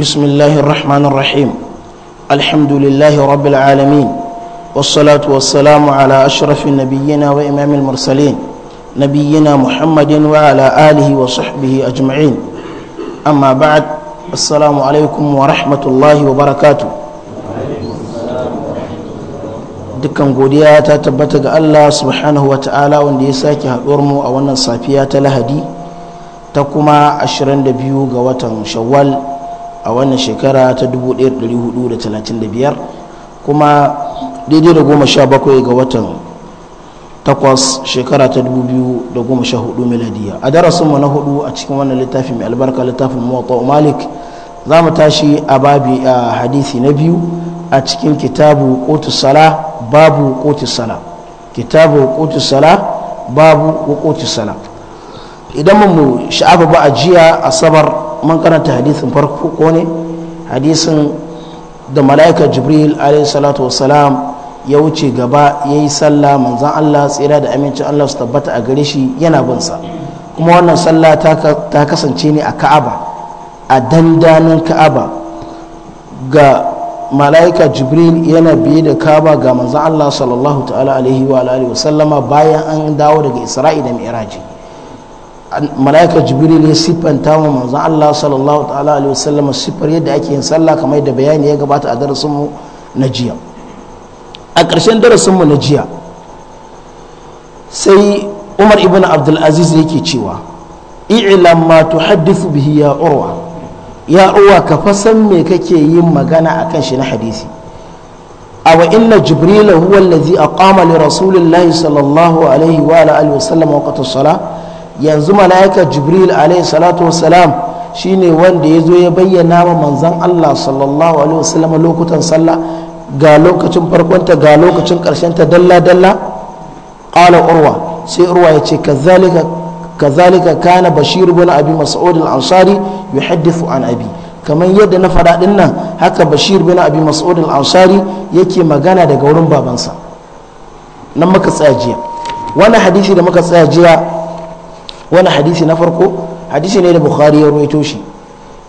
بسم الله الرحمن الرحيم الحمد لله رب العالمين والصلاة والسلام على أشرف نبينا وإمام المرسلين نبينا محمد وعلى آله وصحبه أجمعين أما بعد السلام عليكم ورحمة الله وبركاته dukkan godiya ta tabbata ga Allah subhanahu wa ta'ala wanda ya sake haɗuwar mu a wannan safiya ta lahadi ta kuma 22 ga watan shawwal a wannan shekara ta 1435 kuma daidai da goma sha bakwai ga watan takwas shekara ta 2014 miladiya a mu na hudu a cikin wannan littafi mai albarka littafin mawata malik za mu tashi a babi a hadisi na biyu a cikin kitabu kotu sala babu kotu sala kitabu kotu sala babu kotu sala idan mu sha'afa ba a jiya asabar man karanta hadisin farko ko ne hadisin da mala'ika jibril alayhi salatu Salam ya wuce gaba ya yi sallah manzan allah tsira da amincin allah su tabbata a gare shi yana bin sa kuma wannan sallah ta kasance ne a ka'aba a dandanin ka'aba ga mala'ika jibril yana biye da ka'aba ga manzan allah sallallahu ta'ala alaihi wa alihi wa bayan an dawo daga isra'i da mi'raji malaika jibril ya siffanta mu manzon Allah sallallahu ta'ala alaihi wasallam siffar yadda ake yin sallah kamar yadda bayani ya gabata a darasin mu na jiya a ƙarshen darasin mu na jiya sai Umar ibn Abdul Aziz yake cewa i'lam ma tuhaddithu bihi ya urwa ya urwa ka fasan me kake yin magana akan shi na hadisi أو إن جبريل هو الذي أقام لرسول الله صلى الله عليه وعلى وسلم وقت الصلاة yanzu mala'ika jibril alaihi salatu wassalam shine wanda ya zo ya bayyana ma manzan allah sallallahu alaihi wasallam lokutan sallah ga lokacin farkonta ga lokacin ta dalla dalla ƙala urwa sai urwa ya ce kazalika kana bashir ibn abi mas'ud al-ansari yuhaddithu an abi kamar yadda na faɗa nan haka bashir bin abi mas'ud al-ansari yake magana daga wurin babansa nan muka tsaya jiya wannan hadisi da muka tsaya jiya wani hadisi na farko hadisi ne da bukhari ya ruwaito shi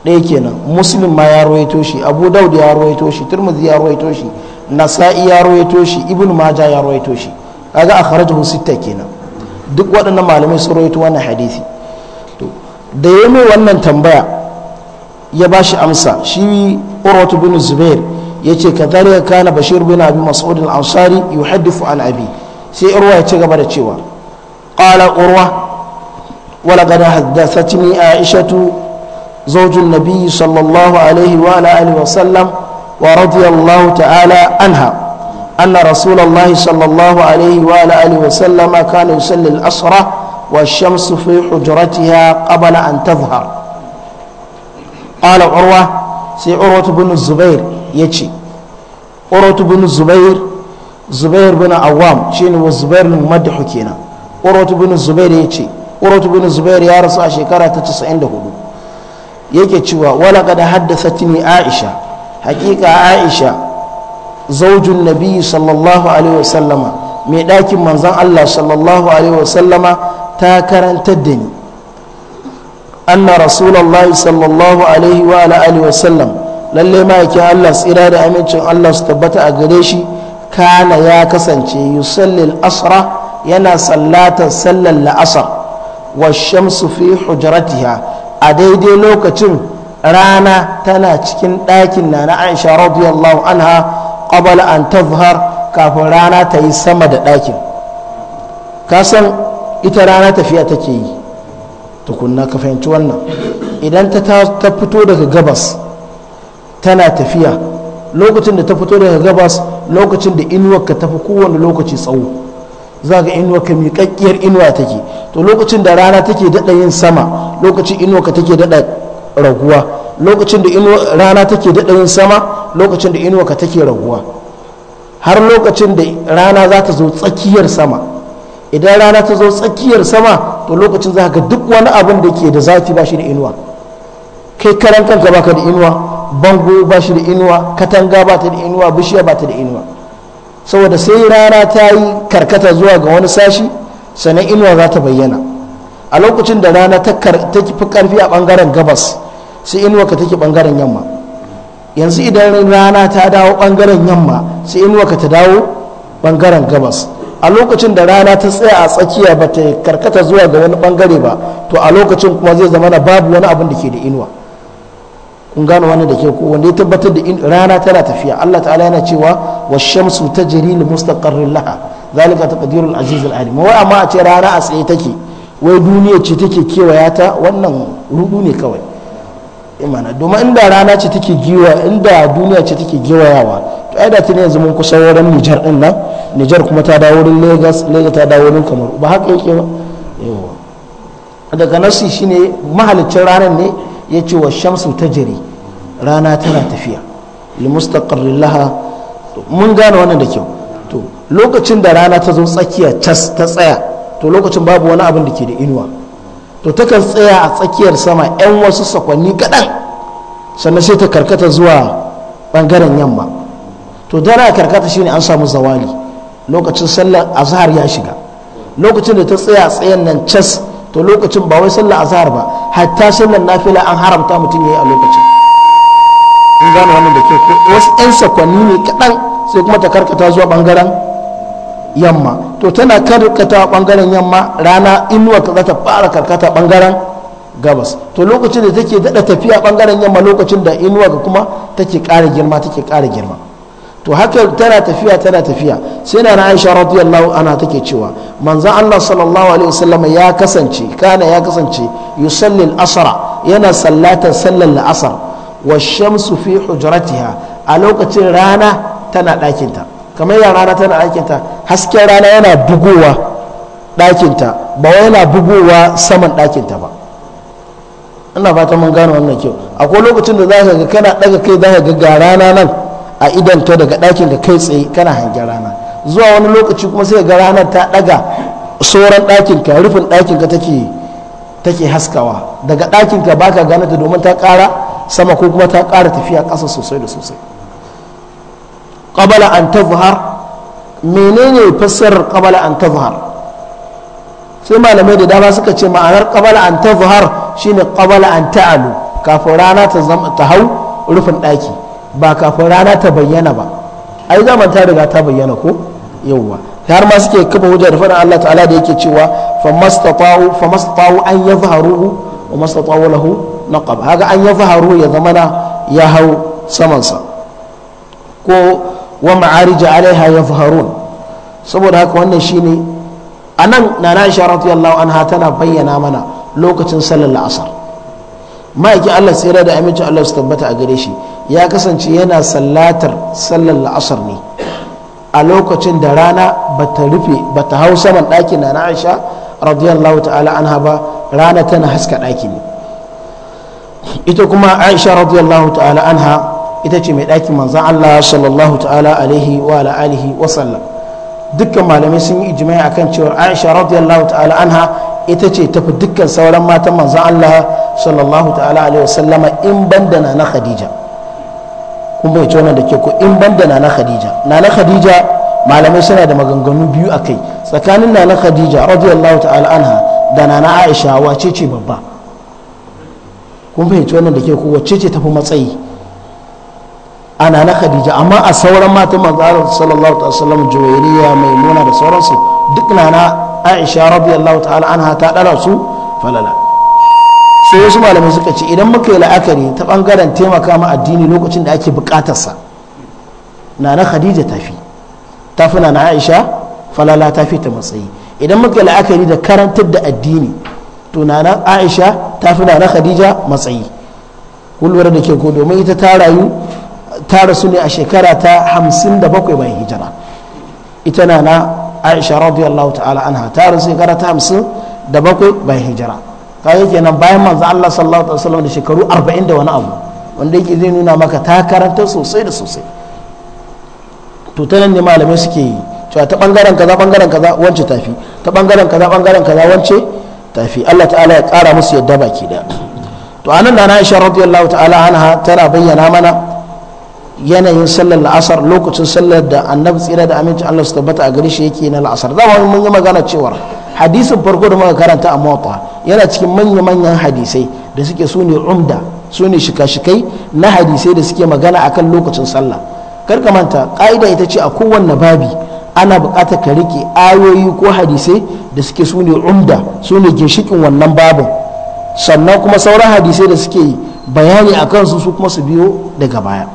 ɗaya kenan muslim ma ya ruwaito shi abu daud ya ruwaito shi turmuzi ya ruwaito shi nasa'i ya ruwaito shi ibn maja ya ruwaito shi kaga hu sitta kenan duk waɗannan malamai sun ruwaito wannan hadisi to da ya mai wannan tambaya ya ba shi amsa shi urwatu bin zubair yace ka kana bashir bin abi mas'ud al-ansari yuhaddithu an abi sai urwa ya ci gaba da cewa qala urwa ولقد حدثتني عائشة زوج النبي صلى الله عليه وعلى آله وسلم ورضي الله تعالى عنها أن رسول الله صلى الله عليه وعلى آله وسلم كان يصلي الأسرة والشمس في حجرتها قبل أن تظهر قال عروة سي عروة بن الزبير يتشي عروة بن الزبير زبير بن عوام شين والزبير الممدح كينا عروة بن الزبير يتشي urwatu bin zubair ya rasu a shekara ta 94 yake cewa wala haddasa haddathatni aisha Hakika aisha zaujun nabi sallallahu alaihi wasallama mai ɗakin manzan Allah sallallahu alaihi wasallama ta karantar da ni anna rasulullahi sallallahu alaihi wa alihi wasallam lalle yake Allah tsira da amincin Allah su tabbata a gare shi kana ya kasance yusallil asra yana sallatar sallar la'asar su fi hujratiha a daidai lokacin rana tana cikin ɗakin na na aisha radiyallahu anha qabala an tazhar kafin rana ta yi sama da ɗakin kasan ita rana tafiya take yi tukunna ka fahimci wannan idan ta fito daga gabas tana tafiya lokacin da ta fito daga gabas lokacin da ka tafi kowane lokaci tsawo za ga inuwa ka miƙaƙƙiyar inuwa take to lokacin da rana take daɗa yin sama lokacin inuwa ka take daɗa raguwa lokacin da rana take daɗa yin sama lokacin da inuwa ka take raguwa har lokacin da rana za ta zo tsakiyar sama idan rana ta zo tsakiyar sama to lokacin za ga duk wani abin da ke da zafi ba shi da inuwa kai karan kanka ka da inuwa bango ba shi da inuwa katanga ba ta da inuwa bishiya ba ta da inuwa saboda sai rana ta yi karkata zuwa ga wani sashi sannan inuwa za ta bayyana a lokacin da rana ta fi karfi a bangaren gabas sai inuwa ka take bangaren yamma yanzu idan rana ta dawo bangaren yamma sai inuwa ka ta dawo bangaren gabas a lokacin da rana ta tsaya a tsakiya ba ta karkata zuwa ga wani bangare ba to a lokacin kuma zai zama na babu wani abin da ke da inuwa kun gano wannan da ke ku wanda ya tabbatar da rana tana tafiya Allah ta'ala yana cewa wa shamsu tajri li mustaqarrin laha zalika taqdirul aziz al alim wai amma a ce rana a tsaye take wai duniya ce take kewaya ta wannan rudu ne kawai imana eh, domin inda rana ce take giwa inda duniya ce take giwayawa to ai da tun yanzu mun kusa wurin Nijar din nan Nijar kuma ta dawo wurin Lagos Lagos ta dawo wurin Kamaru ba haka yake ba yawa daga nasi shine mahalicin ranar ne ya ce wa shamsu ta jiri rana tana tafiya laha mun gane wannan da kyau to lokacin da rana ta zo tsakiya cas ta tsaya to lokacin babu wani abin da ke da inuwa to takan tsaya a tsakiyar sama 'yan wasu sakwanni kaɗan sannan sai ta karkata zuwa ɓangaren yamma to dara karkata shine an samu zawali lokacin sallar azhar ya shiga lokacin da ta tsaya a tsayen nan cas to lokacin ba wai sallah azhar ba hatta sallar nafila an haramta mutum yayi a lokacin in gano wannan da ke wasu 'yan sakwanni ne kaɗan sai kuma ta karkata zuwa ɓangaren yamma to tana karkata ɓangaren yamma rana inuwa ta ta fara karkata ɓangaren gabas to lokacin da take daɗa tafiya ɓangaren yamma lokacin da inuwa ga kuma take ƙara girma take ƙara girma to haka tana tafiya tana tafiya sai na Aisha radiyallahu anha take cewa manzon Allah sallallahu alaihi wasallam ya kasance kana ya kasance yusalli asra yana sallatan sallar al-asr wa shamsu fi hujratiha a lokacin rana tana ɗakinta kamar ya rana tana ɗakinta hasken rana yana bugowa ɗakinta ba wai yana bugowa saman ɗakinta ba ina fata mun gane wannan kyau akwai lokacin da za ka ga kana ɗaga kai za ka ga rana nan a idanta daga ɗakin ka kai tsaye kana hangen rana zuwa wani lokaci kuma sai ga ranar ta ɗaga sauran ɗakin ka rufin ɗakin ka take haskawa daga ɗakin ka baka gane ta domin ta ƙara sama ko kuma ta ƙara tafiya ƙasa sosai da sosai qabala an tazhar menene fassarar qabala an tazhar sai malamai da dama suka ce ma'anar qabala an tazhar shine qabala an ta'alu kafin rana ta hau rufin ɗaki ba kafin rana ta bayyana ba ai zaman ta riga ta bayyana ko yawwa har ma suke kafa hujja da faɗin Allah ta'ala da yake cewa fa famastata'u famastata'u an yadhharuhu wa mastata'u lahu naqab haka an yadhharu ya zamana ya hau samansa ko wa ma'arija alaiha yadhharun saboda haka wannan shine anan nana Aisha radiyallahu anha tana bayyana mana lokacin sallar la'asar ma'aikin Allah tsira da amincin Allah su tabbata a gare shi ya kasance yana sallatar sallar la'asar ne a lokacin da rana ba ta rufe ba ta hau saman ɗakin na aisha radiyallahu ta'ala anha ba rana tana haska ɗaki ne ita kuma aisha radiyallahu ta'ala anha ita ce mai ɗakin manzan allah sallallahu ta'ala alaihi wa alihi wa sallam dukkan malamai sun yi ijimai akan cewar aisha radiyallahu ta'ala anha ita ce tafi dukkan sauran matan manzan allah sallallahu ta'ala alaihi wa sallama in banda na na khadija kun bai wannan da ke ko in ban da nana khadija nana khadija malamai suna da maganganu biyu a kai tsakanin nana khadija radiyallahu ta'ala anha da nana aisha wace ce babba kun fahimci wannan da ke ko wace ce tafi matsayi a nana khadija amma a sauran matan manzara sallallahu alaihi wasallam juwairiya maimuna da sauransu duk nana aisha radiyallahu ta'ala anha ta dara su falala sai wasu malamai suka ce idan muka yi la'akari ta bangaren taimaka ma addini lokacin da ake bukatarsa na na khadija tafi tafi na na aisha falala tafi ta matsayi idan muka yi la'akari da karantar da addini to na na aisha tafi na na khadija matsayi kulwar da ke ko domin ita ta rayu ta rasu ne a shekara ta hamsin da bakwai bayan hijira ita na na aisha radiyallahu ta'ala anha ta rasu shekara ta hamsin da bakwai bayan hijira yi kenan bayan manzo Allah sallallahu alaihi wasallam da shekaru 40 da wani abu wanda yake zai nuna maka ta karanta sosai da sosai to ta nan ne malamai suke yi cewa ta bangaren kaza bangaren kaza wance tafi ta bangaren kaza bangaren kaza wance tafi Allah ta'ala ya kara musu yadda baki da to anan da na Aisha radiyallahu ta'ala anha tana bayyana mana yanayin sallar la'asar lokacin sallar da annabi tsira da aminci Allah su tabbata a gari shi yake na la'asar da mun yi magana cewar. hadisin farko da muka karanta a mota yana cikin manya-manyan hadisai da suke su ne umda su ne shika-shikai na hadisai da suke magana a kan lokacin sallah karka manta ƙa'ida ita ce a kowanne babi ana buƙatar ka rike ayoyi ko hadisai da suke su ne umda su ne ginshikin wannan babin sannan kuma sauran hadisai da suke bayani a kansu su kuma su biyo daga baya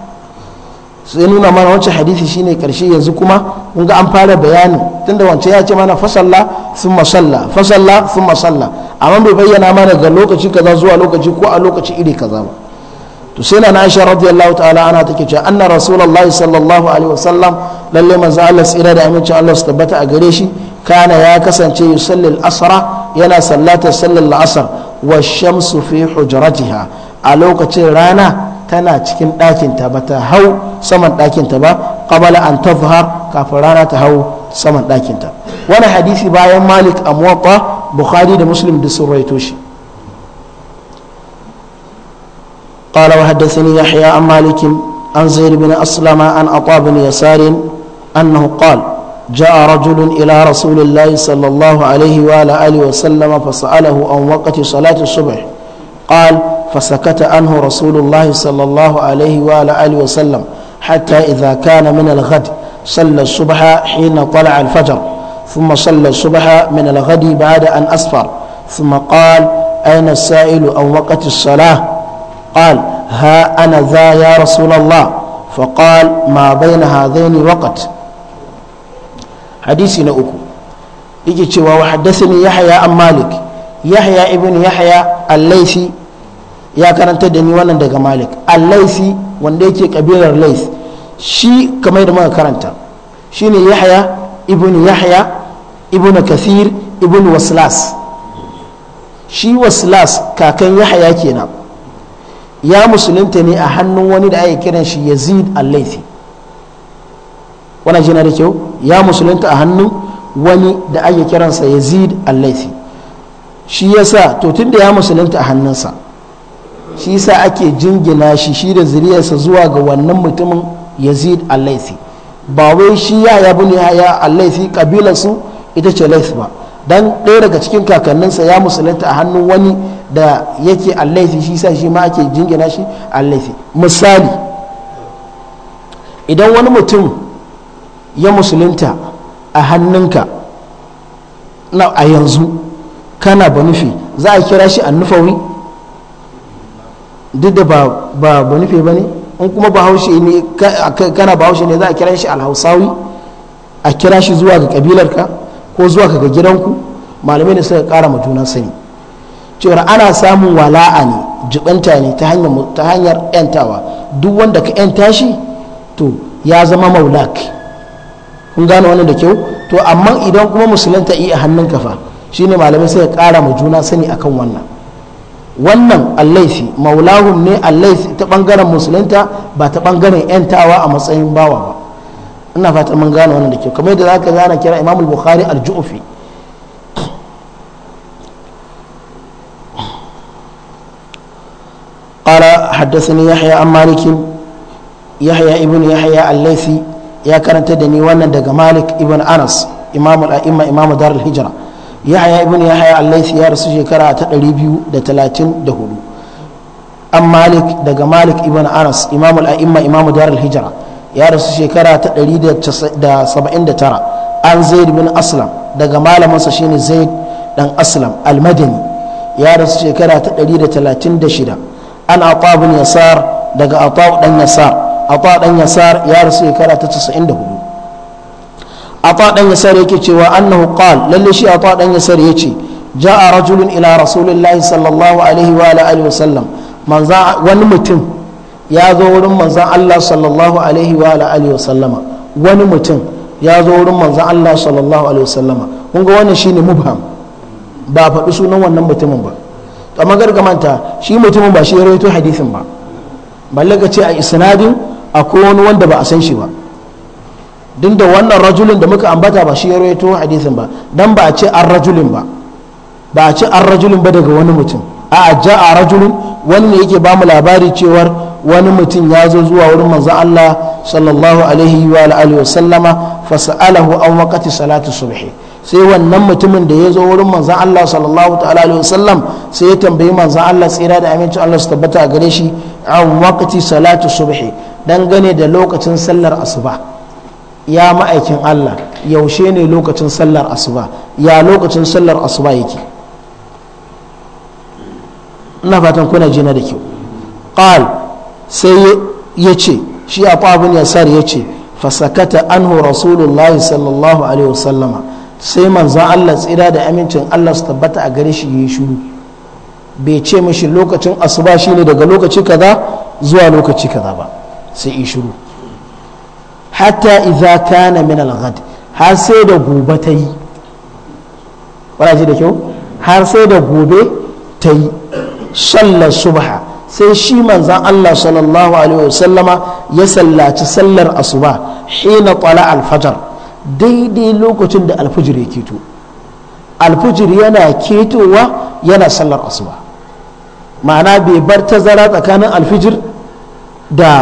sai nuna mana wancan hadisi shine karshe yanzu kuma mun ga an fara bayani tunda wance ya ce mana fasalla sun masalla fasalla sun masalla amma bai bayyana mana ga lokaci kaza zuwa lokaci ko a lokaci iri kaza ba to sai na Aisha radiyallahu ta'ala ana take cewa anna rasulullahi sallallahu alaihi wasallam lalle manzo Allah tsira da amincin Allah su tabbata a gare shi kana ya kasance yusalli al-asra yana sallatar sallar al-asr wa shamsu fi hujratiha a lokacin rana tana cikin ɗakinta ba ta hau saman ɗakinta ba qabala an tafhar kafin rana ta hau saman ɗakinta wani hadisi bayan malik a muwatta bukhari da muslim da sun rawaito shi قال وحدثني يحيى عن مالك عن زيد بن أسلم عن عطاء بن يسار أنه قال جاء رجل إلى رسول الله صلى الله عليه وعلى وسلم فسأله عن وقت صلاة الصبح قال فسكت عنه رسول الله صلى الله عليه وعلى آله وسلم حتى إذا كان من الغد صلى الصبح حين طلع الفجر ثم صلى الصبح من الغد بعد أن أسفر ثم قال أين السائل أو وقت الصلاة قال ها أنا ذا يا رسول الله فقال ما بين هذين وقت حديثنا أكو يجي وحدثني يحيى أم مالك يحيى ابن يحيى الليثي ya karanta da ni wannan daga malik al-laisi wanda yake kabilar lais shi kamar da muka karanta shine yahya ibn yahya ibn kasir ibn waslas shi waslas kakan yahya kenan ya musulunta ne a hannun wani da ake kiran shi yazid al-laisi wannan jina da kyau ya musulunta a hannun wani da ake kiransa yazid al-laisi shi yasa to tunda ya musulunta a hannunsa shi sa ake jingina shi shi da zuriyarsa zuwa ga wannan mutumin yazid al-laisi ba wai shi ya ya ne ya al-laisi kabilar su ita ce laisi ba dan ɗaya daga cikin kakanninsa ya musulunta a hannun wani da yake al-laisi shi sa shi ma ake jingina shi al-laisi misali idan wani mutum ya musulunta a hannunka na a yanzu kana ba nufi za a kira shi annufawi duk da ba ba nufe ba ne in kuma bahaushe ne kana bahaushe ne za a kira shi alhausawi a kira shi zuwa ga kabilarka ko zuwa ga gidanku malamai ne suka kara juna sani cewar ana samun wala'a ne jibanta ne ta hanyar yantawa duk wanda ka yanta shi to ya zama maulak kun gane wannan da kyau to amma idan kuma musulunta iya hannun kafa shine malamai suka kara ma juna sani akan wannan wannan allaisi maulahun ne allaisi ta bangaren musulunta ba ta bangaren yantawa a matsayin bawa ba ina fata mun gane wannan da kyau kamar yadda zaka zana kira imamul bukhari al-ju'fi قال حدثني يحيى عن مالك يحيى ابن يحيى الليثي يا da دني وانا daga مالك ابن انس امام الائمه امام دار الهجره yahaya ibn yahaya al ya rasu shekara ta 234 an malik daga malik ibn anas imamul aimma imamu dar hijra ya rasu shekara ta 179 an zaid bin aslam daga malamansa shine zaid dan aslam al-madani ya rasu shekara ta 136 an ata bin yasar daga ata dan yasar ata dan yasar ya rasu shekara ta 94 ata dan yasar yake cewa annahu qal lalle shi ata dan yasar yace ja'a rajulun ila rasulillahi sallallahu alaihi wa alihi wa sallam manza wani mutum ya zo wurin manzan Allah sallallahu alaihi wa alihi wa sallama wani mutum ya zo wurin manzan Allah sallallahu alaihi wa sallama kun ga wannan shine mubham ba faɗi sunan wannan mutumin ba to amma gargamanta shi mutumin ba shi ya rawaito hadisin ba balle ka ce a isnadin akwai wani wanda ba a san shi ba din da wannan rajulin da muka ambata ba shi ya rawaito hadisin ba dan ba a ce an rajulin ba ba a ce an rajulin ba daga wani mutum a ja a rajulin wani ne yake ba mu labari cewar wani mutum ya zo zuwa wurin manzon Allah sallallahu alaihi wa alihi wa sallama fa an waqati salatu subhi sai wannan mutumin da ya zo wurin manzan Allah sallallahu ta'ala alaihi wasallam sai ya tambayi manzan Allah tsira da aminci Allah su tabbata a gare shi an wakati salatu subhi dangane da lokacin sallar asuba ya ma'aikin Allah yaushe ne lokacin sallar asuba ya lokacin sallar asuba yake ina fatan kuna jina da kyau qal sai ya ce shi a abin yasar ya ce fasakata anhu rasulullahi sallallahu alaihi wasallama sai manzon Allah tsira da amincin Allah su tabbata a gare shi yi shuru bai ce mashi lokacin asuba shine daga lokaci kaza zuwa lokaci kaza ba sai yi shuru hatta iza kana min al-ghad har sai da gobe ta yi wala da kyau har sai da gobe ta yi sallar subha sai shi manzan Allah sallallahu alaihi wasallama ya sallaci sallar asuba hina tsala alfajar daidai lokacin da alfajir ya keto alfajir yana ketowa yana sallar asuba ma'ana bai bar tazara tsakanin alfijir da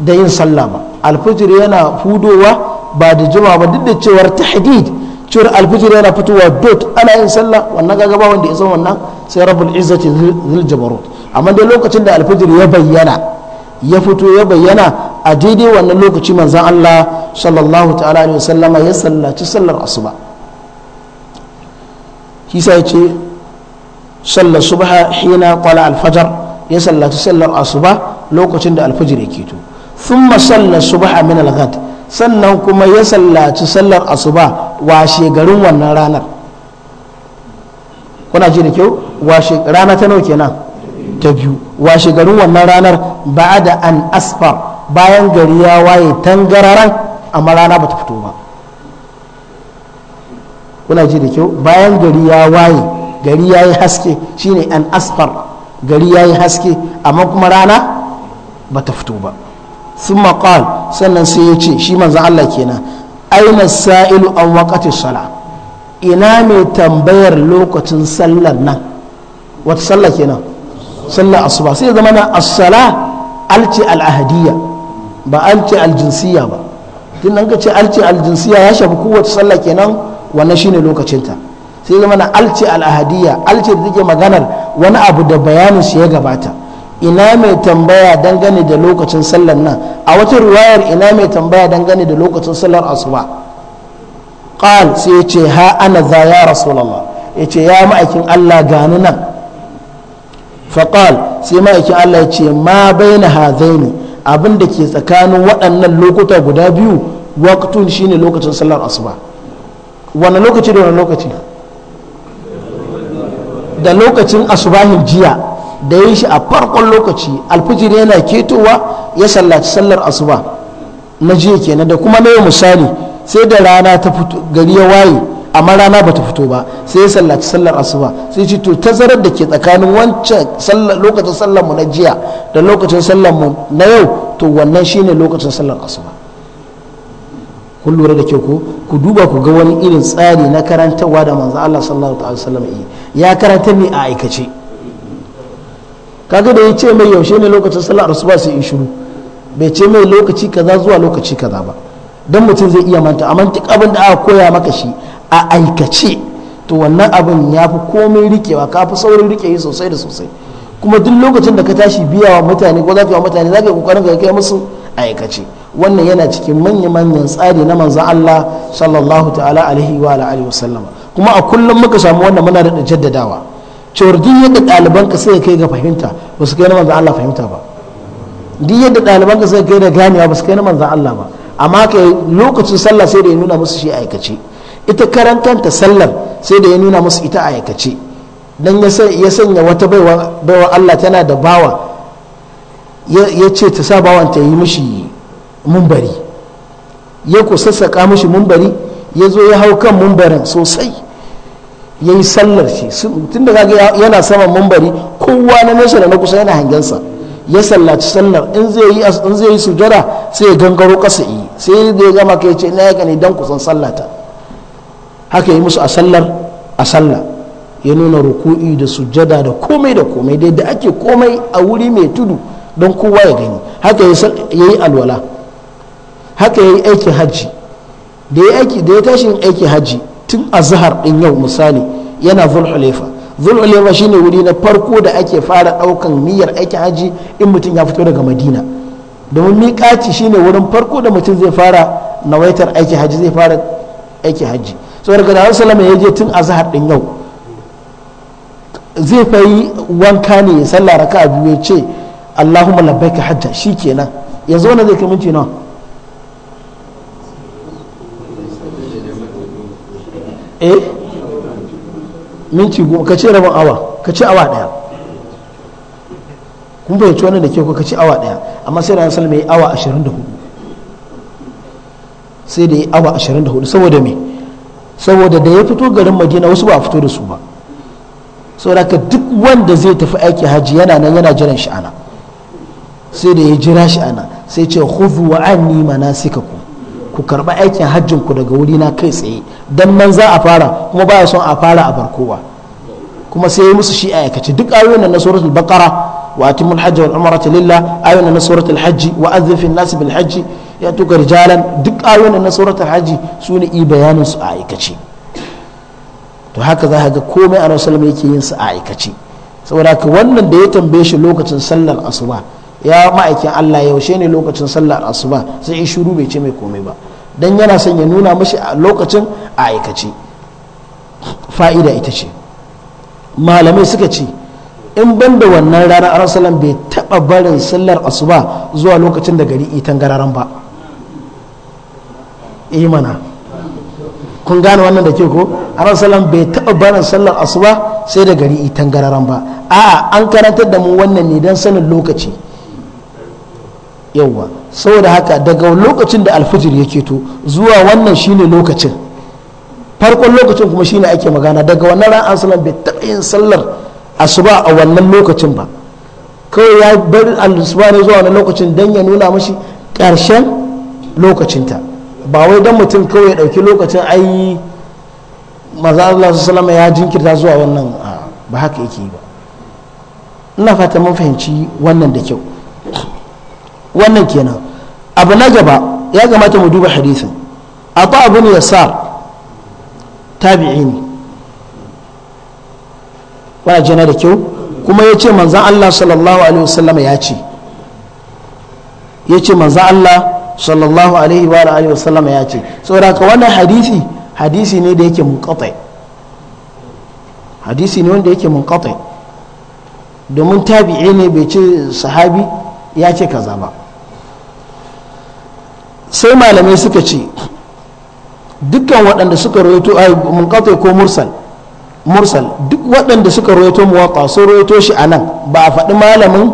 da yin sallah ba alfijir yana fudowa ba da juma ba duk da cewar tahdid cewar alfijir yana fitowa dot ana yin sallah wannan kaga ba wanda ya san wannan sai rabbul izzati zil jabarut amma dai lokacin da alfijir ya bayyana ya fito ya bayyana a daidai wannan lokaci manzon Allah sallallahu ta'ala alaihi wasallama ya sallaci sallar asuba kisa ya ce sallar subha hina qala al-fajr ya sallaci sallar asuba lokacin da alfijir ya keto thumma salla subha min al-ghad sannan kuma ya sallaci sallar asuba washe garin wannan ranar kuna ji da kyau washe rana ta nau kenan ta biyu washe garin wannan ranar ba da an asfar bayan gari ya waye tangararan amma rana ba ta fito ba kuna ji da kyau bayan gari ya waye gari ya yi haske shine an asfar gari ya yi haske amma kuma rana ba ta fito ba sun maƙal sannan sai ya ce shi manzan Allah kenan aina sa'ilu an waƙatin sala ina mai tambayar lokacin sallar nan wata sallar kenan sallar asuba sai zama na asala alci al'ahadiyya ba alci aljinsiyya ba tun nan ka ce alci aljinsiyya ya shafi kowace sallar kenan wannan shine lokacinta sai zama na alci al'ahadiyya alci da take maganar wani abu da bayanin su ya gabata ina mai tambaya dangane da lokacin sallar nan a wata ruwayar ina mai tambaya dangane da lokacin sallar asuba qal sai ya ce ha ana za ya rasulullah ya ce ya ma'aikin Allah gani nan faqal sai ma'aikin Allah ya ce ma bai na hadaini abin da ke tsakanin waɗannan lokuta guda biyu waqtun shine lokacin sallar asuba wani lokaci da wani lokaci da lokacin asubahin jiya da ya yi shi a farkon lokaci alfijir yana ketowa ya sallaci sallar asuba na jiya kenan da kuma na yi misali sai da rana ta fito gari ya waye amma rana ba ta fito ba sai ya sallaci sallar asuba sai ce to tazarar da ke tsakanin wancan lokacin sallar mu na jiya da lokacin sallar mu na yau to wannan shine lokacin sallar asuba kun lura da kyau ko ku duba ku ga wani irin tsari na karantarwa da manzo Allah sallallahu alaihi wasallam ya karanta ne a aikace kaga da ya ce mai yaushe ne lokacin sallar ba su in shiru bai ce mai lokaci kaza zuwa lokaci kaza ba don mutum zai iya manta amma duk abin da aka koya maka shi a aikace to wannan abin ya fi komai rikewa ka fi saurin rike yi sosai da sosai kuma duk lokacin da ka tashi biya wa mutane ko za ka yi wa mutane za ka yi kokarin ka kai musu aikace wannan yana cikin manya-manyan tsari na manzan Allah sallallahu ta'ala alaihi wa alihi wa sallama kuma a kullum muka samu wannan muna da jaddadawa cordin yadda ɗaliban ka sai kai ga fahimta ba su kai na manzan Allah fahimta ba duk yadda ɗaliban ka sai kai da ganewa ba su kai na manzan Allah ba amma kai lokacin sallah sai da ya nuna musu shi a aikace ita karan kanta sallar sai da ya nuna musu ita a aikace dan ya sanya wata baiwa Allah tana da bawa ya ce ta sa bawan ta yi mishi mumbari ya ku sassaƙa mishi mumbari ya zo ya hau kan mumbarin sosai ya yi sallar shi tun da kaga yana saman mambari kowa na nesa da na kusa yana hangensa ya sallaci sallar in zai yi sujada sai ya gangaro kasa yi sai da ya gama kai ce na ya ne dan kusan sallata haka yi musu a sallar a salla ya nuna ruku'i da sujada da komai da komai dai da ake komai a wuri mai tudu don kowa ya gani haka ya yi alwala haka ya yi aikin hajji da ya tashi yin aikin hajji tun a zahar ɗin yau misali yana zulhulefa zulhulefa shine wuri na farko da ake fara ɗaukan niyyar aiki haji in mutum ya fito daga madina domin miƙaci shine wurin farko da mutum zai fara nawaitar aiki haji zai fara aiki haji sau daga da salama ya je tun a zahar ɗin yau zai fayi wanka ne ya sallah raka biyu ya ce allahumma labbaika hajja shikenan yanzu wannan zai kai minti nawa eh minti goma ka ce rabin awa ka ce awa daya kun fahimci wannan da ke ko ka ce awa daya amma sai ranar salama ya yi awa 24 sai da ya yi awa 24 saboda me saboda da ya fito garin madina wasu ba a fito da su ba saboda ka duk wanda zai tafi aiki hajji yana nan yana jiran sha'ana sai da ya jira sha'ana sai ce khudhu wa anni manasikakum ku karba aikin hajjin ku daga wuri na kai tsaye dan nan za a fara kuma baya son a fara a barkowa kuma sai ya musu shi a aikace duk ayoyin na suratul baqara wa atimul hajj wal umrata lillah ayoyin na suratul hajji wa azzifin nas bil hajji ya tuka rijalan duk ayoyin na suratul hajji su ne i bayanin su a aikace to haka za ka ga komai a rasulullah yake yin su a aikace saboda ka wannan da ya tambaye shi lokacin sallar asuba ya ma'aikin Allah yaushe ne lokacin sallar asuba sai shiru bai ce mai komai ba dan yana son ya nuna mashi a lokacin a aikace fa'ida ita ce malamai suka ce in ban da wannan ranar arasalan bai taɓa barin sallar asuba zuwa lokacin da gari itan gararan ba imana eh kun gane wannan da ke ko arasalan bai taɓa barin sallar asuba sai da gari itan gararan ba a'a an karantar da mu wannan ne don sanin lokaci yauwa saboda haka daga lokacin da alfijir ya keto zuwa wannan shine lokacin farkon lokacin kuma shine ake magana daga wannan ran an sallar bai taɓa yin sallar asuba a wannan lokacin ba kawai ya bar alisuba ne zuwa wannan lokacin don ya nuna mashi ƙarshen lokacinta ba wai don mutum kawai ya ɗauki lokacin ai maza Allah sallama ya jinkirta zuwa wannan ba haka yake ba ina fata mun fahimci wannan da kyau wannan kenan abu na gaba ya kamata mu duba hadisin a ata abin yasar tabi'i ne wani jana da kyau kuma ya ce manzan Allah sallallahu alaihi wasallam ya ce ya ce manzan Allah sallallahu alaihi wa alihi wasallam ya ce saboda ka wannan hadisi hadisi ne da yake munqati hadisi ne wanda yake munqati domin tabi'i ne bai ce sahabi ya ce kaza ba sai malamai suka ce dukkan waɗanda suka rawaito a ko mursal mursal duk waɗanda suka rawaito muwatta sun rawaito shi a nan ba a faɗi malamin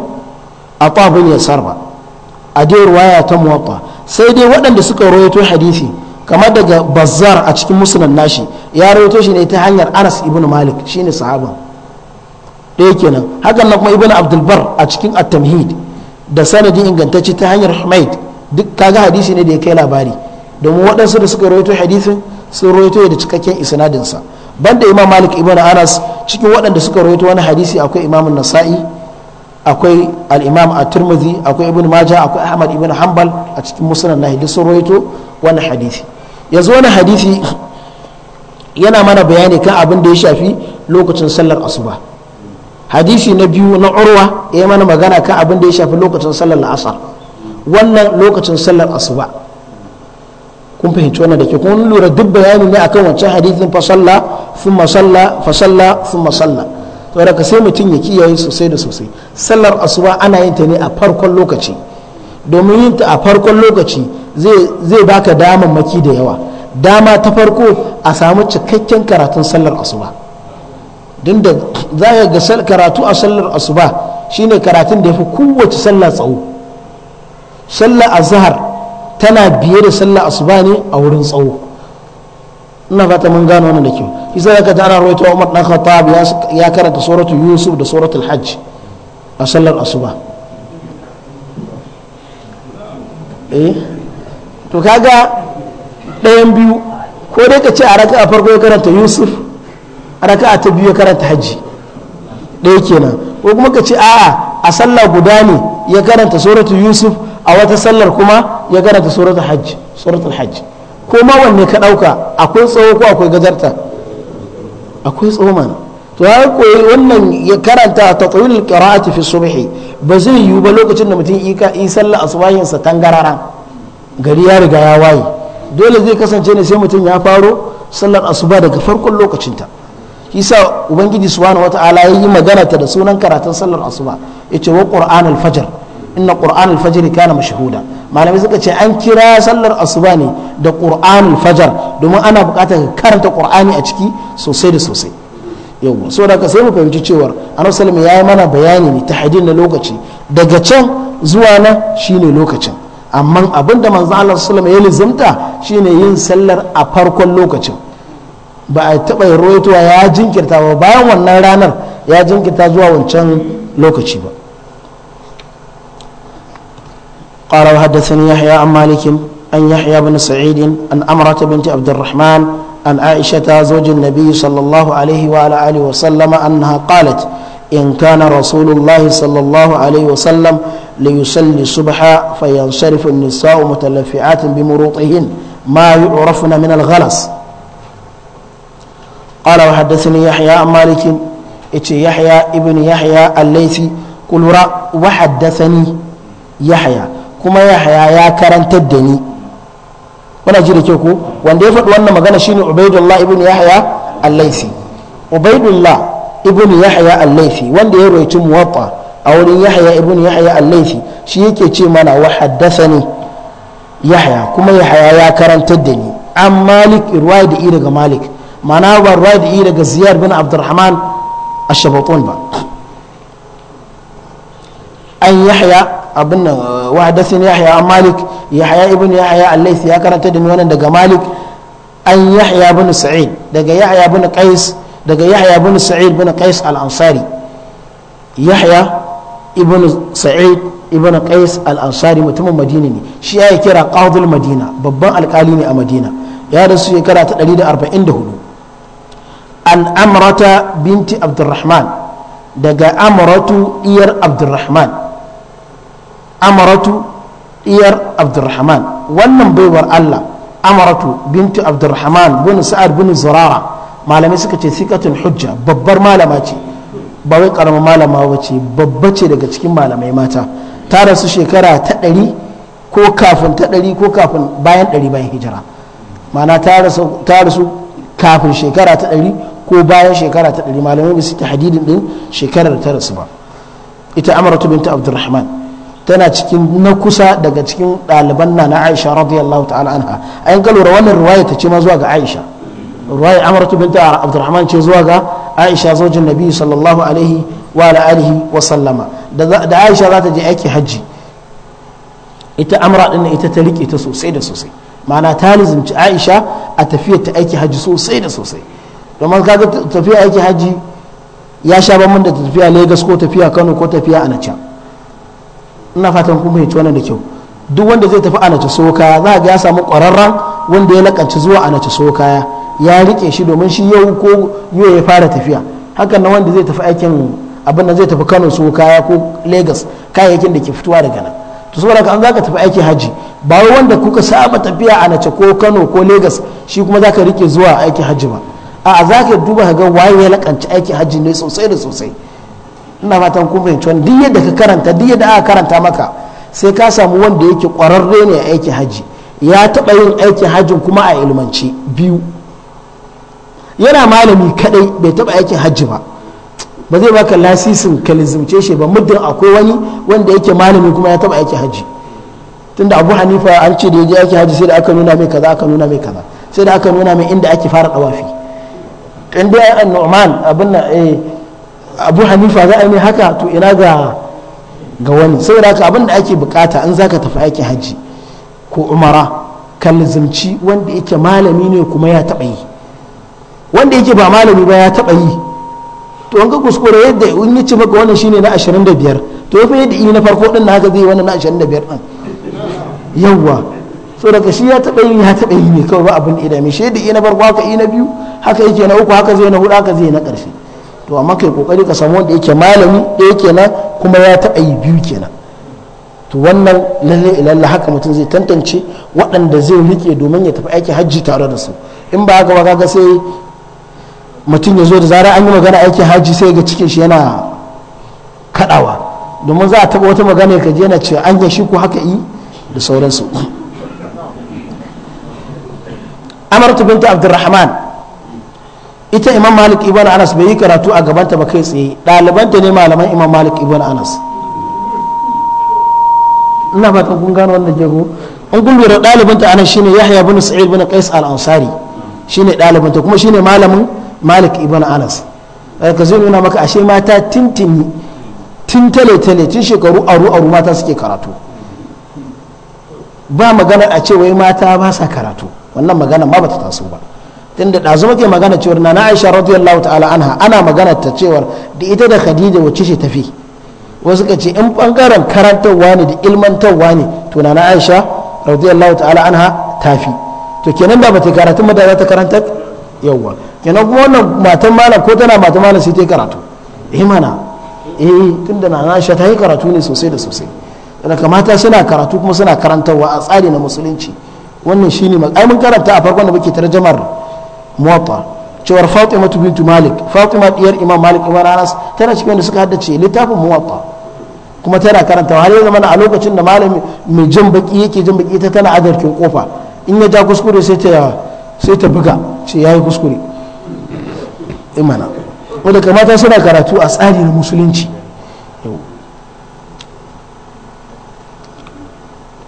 a tabin ya sarba a dai ruwaya ta muwatta sai dai waɗanda suka rawaito hadisi kamar daga bazar a cikin musulun nashi ya rawaito shi ne ta hanyar anas ibn malik shine sahaban ɗaya kenan hakan na kuma ibn abdulbar a cikin at da sanadin ingantacci ta hanyar hamaid duk kaga hadisi ne da ya kai labari domin waɗansu da suka rawaito hadisin sun rawaito da cikakken isnadinsa banda imam malik ibn anas cikin waɗanda suka rawaito wani hadisi akwai imam nasa'i akwai al-imam at-tirmidhi akwai ibn majah akwai ahmad ibn hanbal a cikin musnad na sun rawaito wani hadisi yanzu wani hadisi yana mana bayani kan abin da ya shafi lokacin sallar asuba hadisi na biyu na urwa ya mana magana kan abin da ya shafi lokacin sallar asar wannan lokacin sallar asuba kun fahimci wannan da ke kun lura duk bayani ne akan wancan hadithin fa salla thumma salla fa salla thumma salla to sai mutum ya kiyaye sosai da sosai sallar asuba ana yin ta ne a farkon lokaci domin yin ta a farkon lokaci zai baka damar maki da yawa dama ta farko a samu cikakken karatun sallar asuba din da za ka ga karatu a sallar asuba shine karatun da ya fi kowace sallar tsawo sallar azhar tana biye da sallar asuba ne a wurin tsawo ina fata mun gano wannan da kyau isa ka ji ana rawaito Umar dan Khattab ya karanta suratul Yusuf da suratul Hajj a sallar asuba eh to kaga ɗayan biyu ko dai ka ce a raka'a farko ya karanta Yusuf a raka'a ta biyu ya karanta Hajji ɗaya kenan ko kuma ka ce a'a a sallah guda ne ya karanta suratul Yusuf a wata sallar kuma ya karanta da hajj suratul hajj wanne ka dauka akwai tsawo ko akwai gajarta akwai tsawo mana to ya koyi wannan ya karanta tatawil qira'ati fi subhi ba zai yiwu ba lokacin da mutum ika yi sallar asubahin sa tangarara gari ya riga ya waye dole zai kasance ne sai mutum ya faro sallar asuba daga farkon lokacinta isa ubangiji subhanahu wata'ala ya yi magana ta da sunan karatun sallar asuba yace wa qur'anul fajr inna qur'an al-fajr kana mashhuda malamai suka ce an kira sallar asuba ne da qur'an al-fajr domin ana buƙatar karanta qur'ani a ciki sosai da sosai yau so da ka sai mu fahimci cewa annabi sallallahu ya yi mana bayani ne tahdid na lokaci daga can zuwa nan shine lokacin amma abinda da manzo Allah sallallahu ya lizamta shine yin sallar a farkon lokacin ba a taɓa rotuwa ya jinkirta ba bayan wannan ranar ya jinkirta zuwa wancan lokaci ba قال وحدثني يحيى عن مالك عن يحيى بن سعيد عن أمرة بنت عبد الرحمن عن عائشة زوج النبي صلى الله عليه وعلى آله وسلم أنها قالت إن كان رسول الله صلى الله عليه وسلم ليصلي الصبح فينصرف النساء متلفعات بمروطهن ما يعرفن من الغلس قال وحدثني يحيى عن مالك اتي يحيى ابن يحيى الليثي قل وحدثني يحيى kuma yahya ya karantar da ni muna ji da ke ko wanda ya faɗi wannan magana shine ubaidullah ibn yahya al-laifi ubaidullah ibn yahya al-laifi wanda ya rawaitu muwatta a wurin yahya ibn yahya al-laifi shi yake ce mana wa haddathani yahya kuma yahya ya karantar da ni an malik ruwaya da daga malik mana ba ruwaya da daga ziyar bin abdurrahman ash-shabatun ba an yahya abin nan wa hadasin yahya an malik yahya ibn yahya allais ya karanta da wannan daga malik an yahya ibn sa'id daga yahya ibn qais daga yahya ibn sa'id ibn qais al-ansari yahya ibn sa'id ibn qais al-ansari mutumin madina ne shi ya kira qadul madina babban alkali ne a madina ya rasu shekara ta 144 an amrata binti abdurrahman daga amratu iyar abdurrahman amaratu iyar abdurrahman wannan baiwar allah amaratu bintu abdurrahman bin sa'ad bin zurara malamai suka ce sikatun hujja babbar malama ce ba wai karamar malama ba ce babba ce daga cikin malamai mata ta rasu shekara ta ɗari ko kafin ta ɗari ko kafin bayan ɗari bayan hijira Ma'ana ta rasu kafin shekara ta ɗari ko bayan shekara ta ɗari malamai ba su ta hadidin ɗin shekarar ta rasu ba ita amaratu binta abdurrahman tana cikin na kusa daga cikin ɗaliban na na aisha radiyallahu ta'ala anha ayin yin lura wannan ruwaya ta ce ma zuwa ga aisha ruwaya amartu binta abdurrahman ce zuwa ga aisha zojin nabi sallallahu alaihi wa alihi wa sallama da aisha za ta je aiki hajji ita amra din ita ta rike ta sosai da sosai ma'ana ta lizimci aisha a tafiyar ta aiki hajji sosai da sosai domin kaga tafiya aiki hajji ya sha ban da tafiya lagos ko tafiya kano ko tafiya a anacha ina fatan kuma fahimci wannan da kyau duk wanda zai tafi ana so kaya za ga ya samu ƙwararren wanda ya lakanci zuwa ana so kaya ya rike shi domin shi yau ko yau ya fara tafiya hakan na wanda zai tafi aikin abin nan zai tafi Kano so kaya ko Lagos kayayyakin da ke fitowa daga nan to saboda haka an zaka tafi aikin haji ba wanda kuka saba tafiya a nace ko Kano ko Lagos shi kuma zaka rike zuwa aikin hajji ba a'a zaka duba ka ga waye ya lakanci aikin hajji ne sosai da sosai ina fatan kun fahimci wani duk yadda ka karanta duk yadda aka karanta maka sai ka samu wanda yake kwararre ne a aikin haji ya taɓa yin aikin hajjin kuma a ilmance biyu yana malami kadai bai taɓa aikin hajji ba ba zai baka lasisin ka shi ba muddin akwai wani wanda yake malami kuma ya taɓa aikin hajji tunda abu hanifa an ce da ya je aikin hajji sai da aka nuna mai kaza aka nuna mai kaza sai da aka nuna mai inda ake fara dawafi in dai an nu'man abin nan eh abu hanifa za a yi haka to ina ga ga wani sai da abin da ake bukata in zaka tafi aikin hajji ko umara ka lizimci wanda yake malami ne kuma ya taba yi wanda yake ba malami ba ya taba yi to an ga kuskure yadda in yi ci maka wannan shine na 25 to yafi yadda yi na farko din na haka zai wannan na 25 din yawa so daga shi ya taba yi ya taba yi ne kawai ba abin da ya dame shi yadda yi na farko haka yi na biyu haka yake na uku haka zai na hudu haka zai na karshe to amma kai kokari ka samu wanda yake malami yake na kuma ya taɓa yi biyu kenan to wannan lalle ilalla haka mutum zai tantance waɗanda zai rike domin ya tafi aiki hajji tare da su in ba haka ba kaga sai mutum ya zo da zarar an yi magana aikin hajji sai ga cikin shi yana kaɗawa domin za a taɓa wata magana ka je yana cewa an shi ko haka yi da sauransu amartu binta abdurrahman ita imam malik ibn anas bai yi karatu a gabanta ba kai tsaye ɗalibanta ne malaman imam malik ibn anas ina ba kun gano wannan jego an kun lura ɗalibanta anas shine yahya bin sa'id bin qais al-ansari shine ɗalibanta kuma shine malamin malik ibn anas eh, ka zai nuna maka ashe mata tintini tun tale-tale tun shekaru aru-aru mata suke karatu ba magana a ce wai mata ba sa karatu wannan magana ma bata taso ba tunda ɗazu ke magana cewar na Aisha radiyallahu ta'ala anha ana magana ta cewar da ita da Khadija wacce ce tafi wasu ka ce in bangaren karantarwa ne da ilmantarwa ne to na Aisha radiyallahu ta'ala anha tafi to kenan da bata karatu ma da za ta karantar yawwa kenan kuma wannan matan malam ko tana matan malam sai ta yi karatu eh mana eh tunda na Aisha ta yi karatu ne sosai da sosai daga mata suna karatu kuma suna karantarwa a tsari na musulunci wannan shine ai mun karanta a farkon da muke tarjamar mota cewar fatima bintu malik fatima diyar imam malik ibn anas tana cikin wanda suka haddace littafin muwatta kuma tana karantawa har yanzu mana a lokacin da malami mai jin baki yake jin baki ta tana adarkin kofa in ya ja kuskure sai ta sai ta buga ce yayi kuskure imana wanda kamata suna karatu a tsari na musulunci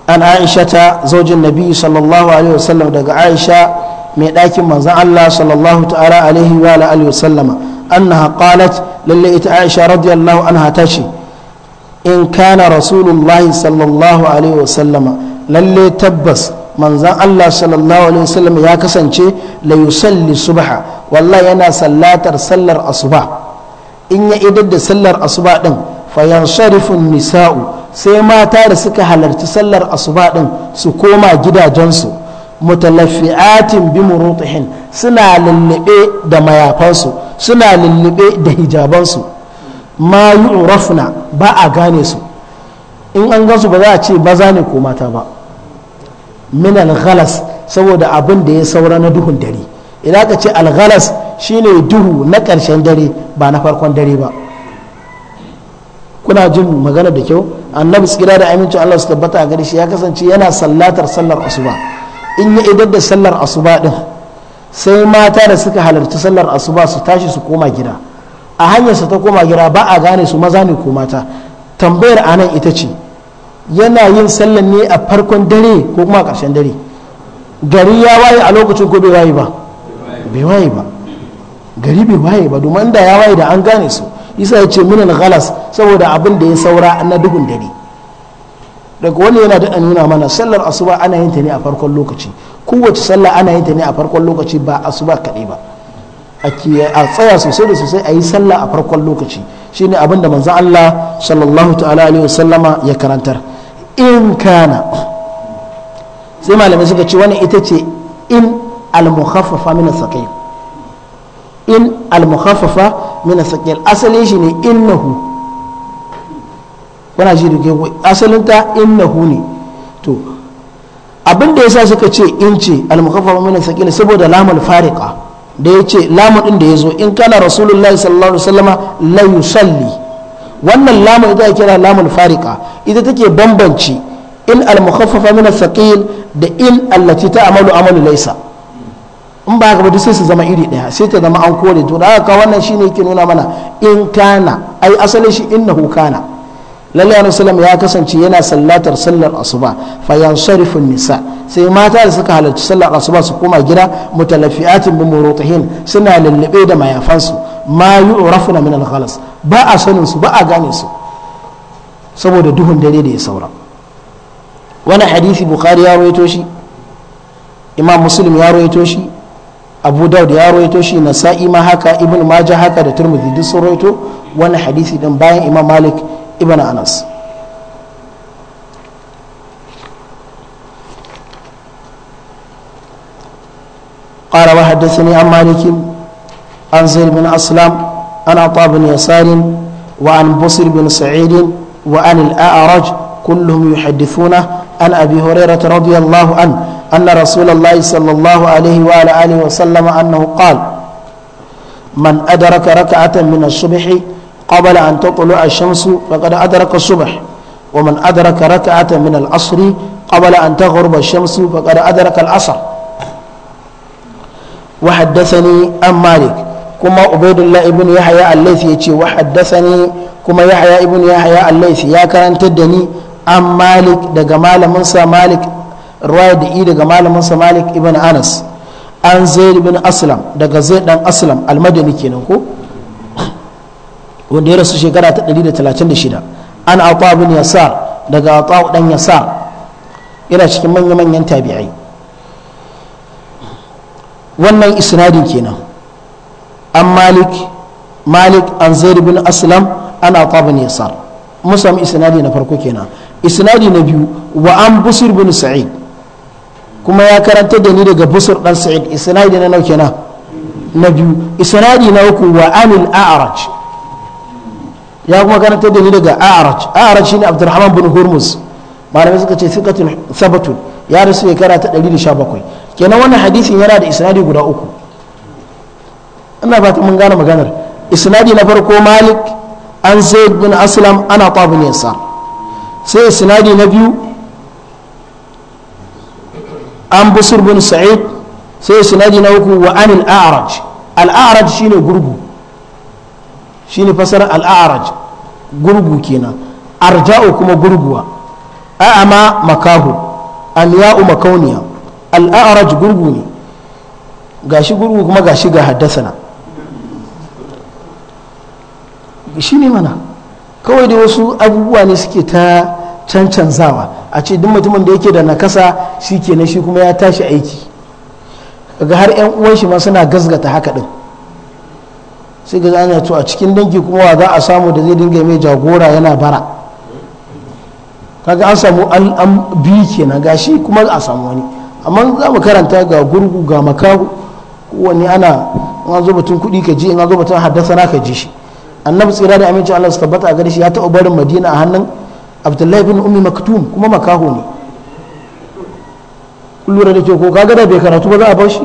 an aisha ta zaujin nabi sallallahu alaihi wasallam daga aisha mai ɗakin manzan Allah sallallahu ta'ala alaihi wa alihi sallama annaha qalat lalle ita Aisha radiyallahu anha ta ce in kana rasulullahi sallallahu alaihi wa sallama lalle tabbas manzan Allah sallallahu alaihi Wa Sallama ya kasance la yusalli subha wallahi yana sallatar sallar asuba in ya idar da sallar asuba din fa yansarifu nisa'u sai mata da suka halarci sallar asuba din su koma gidajensu mutalafi'atin bi murutihin suna lullube da mayafansu suna lullube da hijabansu ma yu'rafna ba a gane su in an gansu ba za a ce maza ne ko mata ba min al-ghalas saboda abin da ya saura na duhun dare idan ka ce al shine duhu na ƙarshen dare ba na farkon dare ba kuna jin magana da kyau annabi gida da aminci Allah su tabbata a gare shi ya kasance yana sallatar sallar asuba in ya idar da sallar asuba din sai mata da suka halarci sallar asuba su tashi su koma gida a hanyar su ta koma gida ba a gane su maza ne ko mata tambayar anan ita ce yana yin sallar ne a farkon dare ko kuma a ƙarshen dare gari ya waye a lokacin ko bai waye ba bai waye ba gari bai waye ba domin da ya waye da an gane su isa ya ce minan galas saboda abin da ya saura na dugun dare daga wani yana da nuna mana sallar asuba ana yin ta ne a farkon lokaci kowace sallah ana yin ta ne a farkon lokaci ba asuba kaɗai ba a tsaya sosai da sosai a yi sallah a farkon lokaci shine abin da manzon Allah sallallahu ta'ala alaihi wasallama ya karantar in kana sai malamai suka ce wani ita ce in al-mukhaffafa min as in al-mukhaffafa min as-saqil shi ne innahu kuna ji da ku asalin ta innahu ne to abin da sa suka ce in ce almukafa mukhaffafa min saboda lamar fariƙa da ya ce lamun ɗin da ya zo in kana rasulullahi sallallahu alaihi wasallama la yusalli wannan lamun ita kira lamar fariƙa ita take bambanci in almukafa mukhaffafa min sakil da in allati ta amalu amalu laisa in ba haka sai su zama iri ɗaya sai ta zama an kore to da haka wannan shine yake nuna mana in kana ai asalin shi innahu kana lalle annabi sallam ya kasance yana sallatar sallar asuba fa yansarifu nisa sai mata da suka halarci sallar asuba su koma gida mutalaffiatin bi murutihin suna lullube da mayafansu ma yu'rafuna min al ba a sanin su ba a gane su saboda duhun dare da ya saura wani hadisi bukhari ya rawaito shi imam muslim ya rawaito shi abu daud ya rawaito shi nasa'i ma haka ibnu majah haka da turmudi duk sun rawaito wani hadisi din bayan imam malik ibn anas قال وحدثني عن مالك عن زيد بن أسلم عن عطاء بن يسار وعن بصر بن سعيد وعن الأعرج كلهم يحدثونه عن أبي هريرة رضي الله عنه أن رسول الله صلى الله عليه وعلى آله وسلم أنه قال من أدرك ركعة من الصبح قبل أن تطلع الشمس فقد أدرك الصبح ومن أدرك ركعة من العصر قبل أن تغرب الشمس فقد أدرك العصر وحدثني أم مالك كما عبيد الله ابن يحيى الليثي يتي وحدثني كما يحيى ابن يحيى الليثي يا كرنت الدني أم مالك دقا مال منسى مالك رواية دقي دقا مال منسى مالك ابن أنس أن زيد بن أسلم دقا زيد بن أسلم المدني كينكو wanda ya rasu shekara ta 136 an ata bin yasar daga ata dan yasar yana cikin manya-manyan tabi'ai wannan isnadin kenan an malik malik an zair bin aslam an ata bin yasar musam isnadi na farko kenan isnadi na biyu wa an busir bin sa'id kuma ya karanta da ni daga busur dan sa'id isnadi na nau na na biyu isnadi na uku wa anil a'raj ya kuma karanta da ni daga a'raj a'raj shine abdurrahman bin hurmus malamai suka ce thiqatun thabatun ya rasu shekara ta 117 kenan wannan hadisin yana da isnadi guda uku ina fata mun gane maganar isnadi na farko malik an zaid bin aslam ana tabin yasa sai isnadi na biyu an busur bin sa'id sai isnadi na uku wa anil a'raj al a'raj shine gurgu shine fasar al'araj gurgu kenan arja'u kuma gurguwa a'ama makahu alya'u makauniya al'araj gurgu ne gashi gurgu kuma gashi ga haddasana shi ne mana kawai da wasu abubuwa ne suke ta cancanzawa a ce duk mutumin da yake da nakasa shi kenan shi kuma ya tashi aiki ga har 'yan uwan shi ma suna gazgata haka din sai ga ana to a cikin dangi kuma wa za a samu da zai dinga mai jagora yana bara kaga an samu an biyu kenan gashi kuma a samu wani amma za mu karanta ga gurgu ga makahu wani ana in an zo batun kuɗi ka ji in an zo batun haddasa na ka ji shi annabi tsira da amincin Allah su tabbata a gare shi ya taɓa barin madina a hannun abdullahi bin ummi maktum kuma makaho ne lura da ke ko kaga da bai karatu ba za a bar shi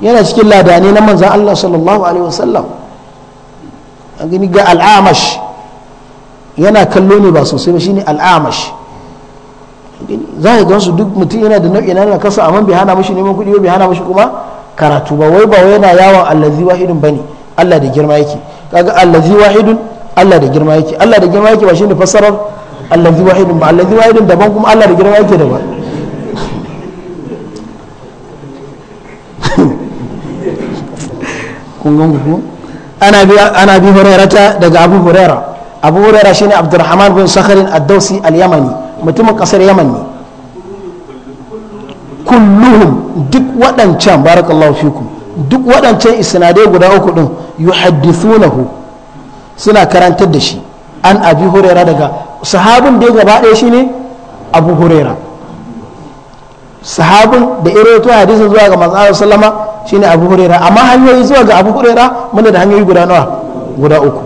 yana cikin ladane na manzan Allah sallallahu alaihi wasallam a gani ga al'amash yana kallo ne ba sosai ba shi ne al'amash za ka gansu duk mutum yana da nau'i na kasa amma bai hana mashi neman kuɗi ba bai hana mashi kuma karatu ba wai ba wai yana yawon allazi wahidun ne Allah da girma yake kaga allazi wahidun Allah da girma yake Allah da girma yake ba shi ne fassarar allazi wahidun ba allazi wahidun daban kuma Allah da girma yake daban kun gangu kuma ana bi hurairata daga abu hurera abu hurera shine abdurrahman bin sakharin ad al-yamani mutumin kasar yamani. ne kulluhum duk waɗancan barakallahu fikum duk waɗancan isnadai guda uku din yuhaddithunahu suna karantar da shi an abi hurera daga sahabin da ya gaba ɗaya shine abu hurera. sahabin da irin to hadisin zuwa ga manzo sallama shine abu huraira amma hanyoyi zuwa ga abu huraira muna da hanyoyi guda nawa guda uku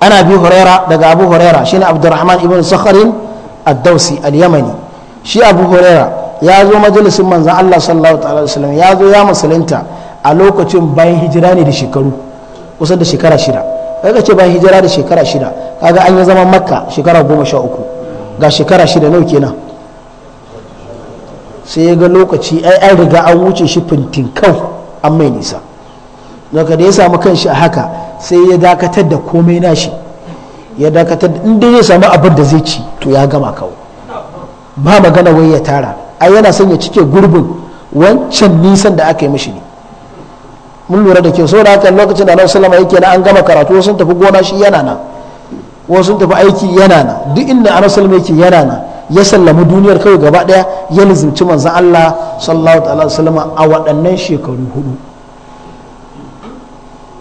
ana bi huraira daga abu huraira shine abdurrahman ibn sakharin ad-dawsi al-yamani shi abu huraira ya zo majalisin manzon Allah sallallahu alaihi wasallam ya zo ya musulunta a lokacin bayan hijira ne da shekaru kusa da shekara shida kaga ce bayan hijira da shekara shida kaga an yi zama makka shekara goma sha uku ga shekara shida nau kenan sai ya ga lokaci ai an riga an wuce shi fintinkau an mai nisa daga da ya samu kanshi a haka sai ya dakatar da komai nashi ya dakatar in dai ya samu abin da zai ci to ya gama kawo ba magana wai ya tara ai yana son ya cike gurbin wancan nisan da aka yi mishi ne mun lura da kyau da haka lokacin da Annabi sallallahu alaihi wasallam yake an gama karatu wasu tafi gona shi yana na wasu tafi aiki yana na duk inda Annabi sallallahu alaihi yake yana na. ya sallamu duniyar kawai gaba daya ya lizinci manzan Allah sallallahu alaihi wasallam a waɗannan shekaru hudu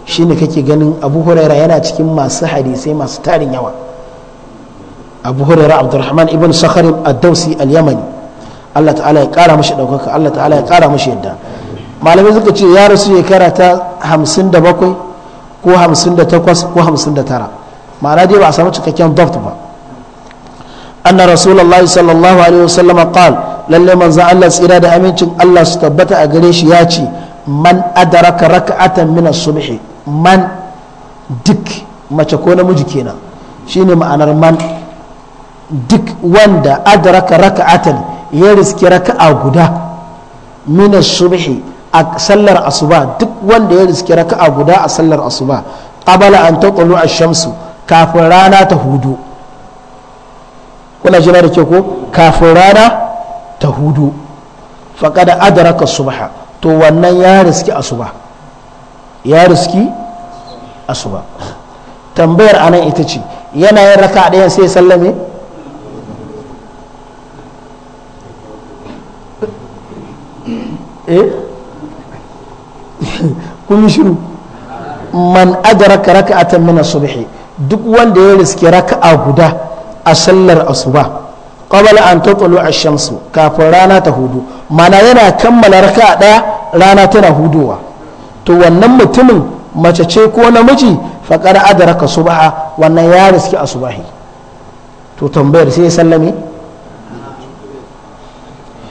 shine kake ganin Abu Huraira yana cikin masu hadisai masu tarin yawa Abu Huraira Abdurrahman ibn Sakhar ad-Dawsi al-Yamani Allah ta'ala ya kara mashi daukaka Allah ta'ala ya kara mashi yadda malamai suka ce ya rasu shekara ta hamsin da bakwai ko hamsin da takwas ko hamsin da tara ma'ana dai ba a samu cikakken daft ba anna rasulullahi sallallahu alaihi wasallam qal lalle manzo Allah tsira da amincin Allah su tabbata a gare shi ya ce man adaraka raka'atan min as man duk mace ko namiji kenan shine ma'anar man duk wanda adraka raka'atan ya riski raka'a guda min as-subhi a sallar asuba duk wanda ya riski raka'a guda a sallar asuba qabala an tatlu shamsu kafin rana ta hudu kuna jira da ke ko kafin rana ta hudu faƙada adaraka subha to wannan ya riski asuba ya riski asuba tambayar anan ita ce yana yin raka ɗayan sai sallame eh kun shiru man adaraka raka'atan min as-subhi duk wanda ya riski raka'a guda a sallar asuba qabla an tatlu ash-shamsu kafin rana ta hudu mana yana kammala raka daya rana tana huduwa to wannan mutumin mace ce ko namiji faqad adraka subha wannan ya riski asubahi to tambayar sai ya sallame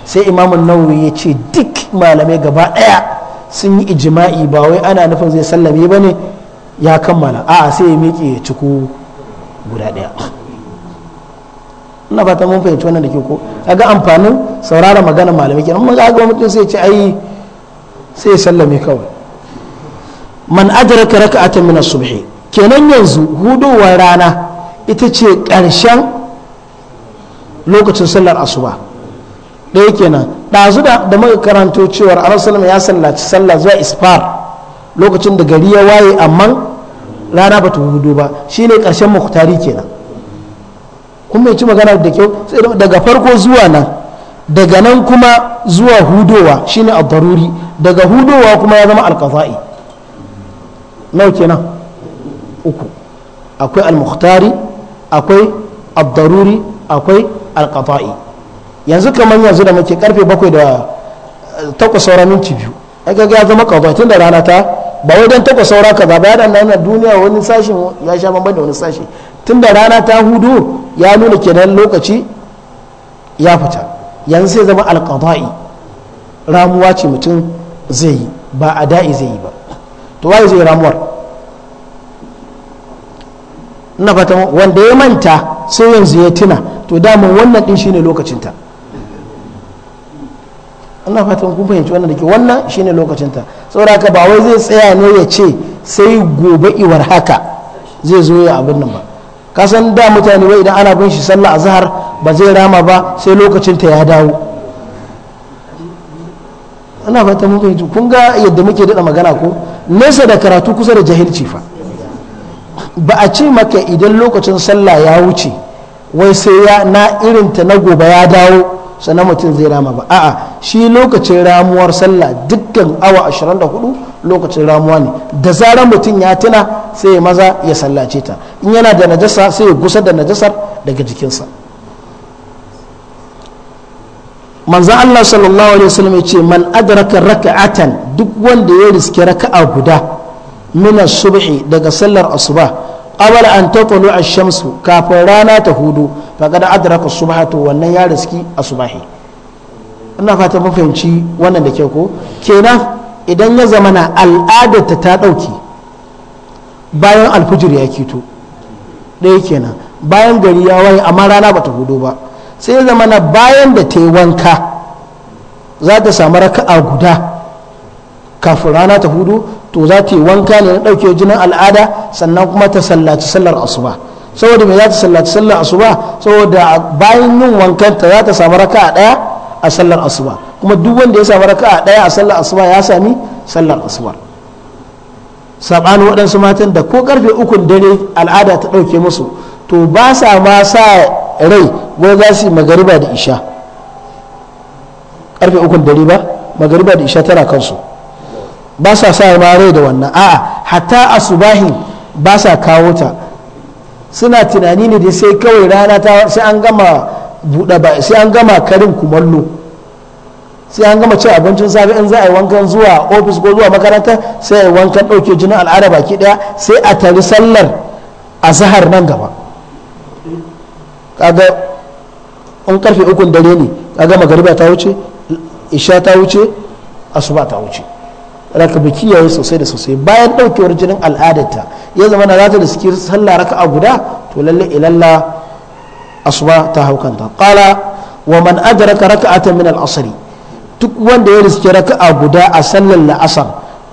sai imamun nawawi ya ce duk malamai gaba daya sun yi ijima'i ba wai ana nufin zai sallame ba ne ya kammala a'a sai ya miƙe ya ciko guda daya ina fata mun fahimci wannan da ke ko kaga amfanin saurara magana malamai kenan mun ga mutum sai ya ce ai sai ya sallame kawai man adraka raka'atan min as-subhi kenan yanzu huduwar rana ita ce ƙarshen lokacin sallar asuba ɗaya kenan ɗazu da muka karanto cewar arasulama ya sallaci sallah zuwa isfar lokacin da gari ya waye amma rana ba ta hudu ba shine ƙarshen muhtari kenan kun mai ci magana da kyau daga farko zuwa nan daga nan kuma zuwa hudowa shine ad-daruri daga hudowa kuma ya zama alkaza'i na nau kenan uku akwai al akwai abdaruri daruri akwai alkaza'i yanzu kamar yanzu da muke karfe bakwai da eh, takwas saura minti biyu ai ya zama tun da rana ta ba wai don takwas saura kaza ba ya dan duniya wani sashin ya sha banban da wani sashi da rana ta hudu ya nuna kenan lokaci ya fita yanzu sai zama alƙada'i ramuwa ce mutum zai yi ba a da'i zai yi ba to waye zai ramuwar na fata wanda ya manta sai yanzu ya tuna to daman wannan din shine lokacinta ina fatan kun fahimci wannan da ke wannan shine lokacinta saboda ka ba wai zai tsaya ne ya ce sai gobe iwar haka zai zo ya abin nan ba kasan da mutane wai idan ana bin shi sallah azhar ba zai rama ba sai lokacin ya dawo ana fata mun kun ga yadda muke daɗa magana ko nesa da karatu kusa da jahilci fa ba a ce maka idan lokacin sallah ya wuce wai sai ya na irinta na gobe ya dawo sannan mutum zai rama ba a'a shi lokacin ramuwar sallah dukkan awa 24 lokacin ramuwa ne da zarar mutum ya tuna sai ya maza ya sallace ta in yana da najasa sai ya gusa da najasar daga jikinsa manzan Allah sallallahu alaihi wasallam ya ce man adraka raka'atan duk wanda ya riske raka'a guda minan subhi daga sallar asuba qabl an tatlu ash-shamsu kafin rana ta hudu faqad adraka as-subha to wannan ya riski asbahi ina fata mun fahimci wannan da kyau ko kenan idan ya zamana al'adarta ta dauke bayan alfijir ya kito ɗaya kenan bayan gari ya waye amma rana bata hudu ba sai ya zamana bayan da ta yi wanka za ta samu raka'a guda kafin rana ta hudu to za ta yi wanka ne na ɗauke jinin al'ada sannan kuma ta sallaci sallar asuba saboda me za ta sallaci sallar asuba saboda bayan yin wankanta za ta samu raka a ɗaya a sallar asuba kuma duk wanda ya samu raka a ɗaya a sallar asuba ya sami sallar asuba saɓani waɗansu matan da ko karfe ukun dare al'ada ta ɗauke musu to ba sa ma sa rai wai za su yi magariba da isha karfe ukun dare ba magariba da isha tana kansu ba sa sa ma rai da wannan a'a hatta asubahin ba sa kawo ta suna tunani ne da sai kawai rana ta sai an gama buɗe ba sai an gama karin kumallo sai an gama ci abincin safe in za a yi wankan zuwa ofis ko zuwa makaranta sai a yi wankan ɗauke jinin al'ada baki ɗaya sai a tari sallar a zahar nan gaba kaga in karfe ukun dare ne kaga magariba ta wuce isha ta wuce asuba ta wuce raka bi kiyaye sosai da sosai bayan daukewar jinin al'adarta ya zama na zata da suke sallah a guda to lalle ilalla asuba ta haukanta qala wa man adraka raka'atan min al-asr duk wanda ya riske raka'a guda a sallar la'asar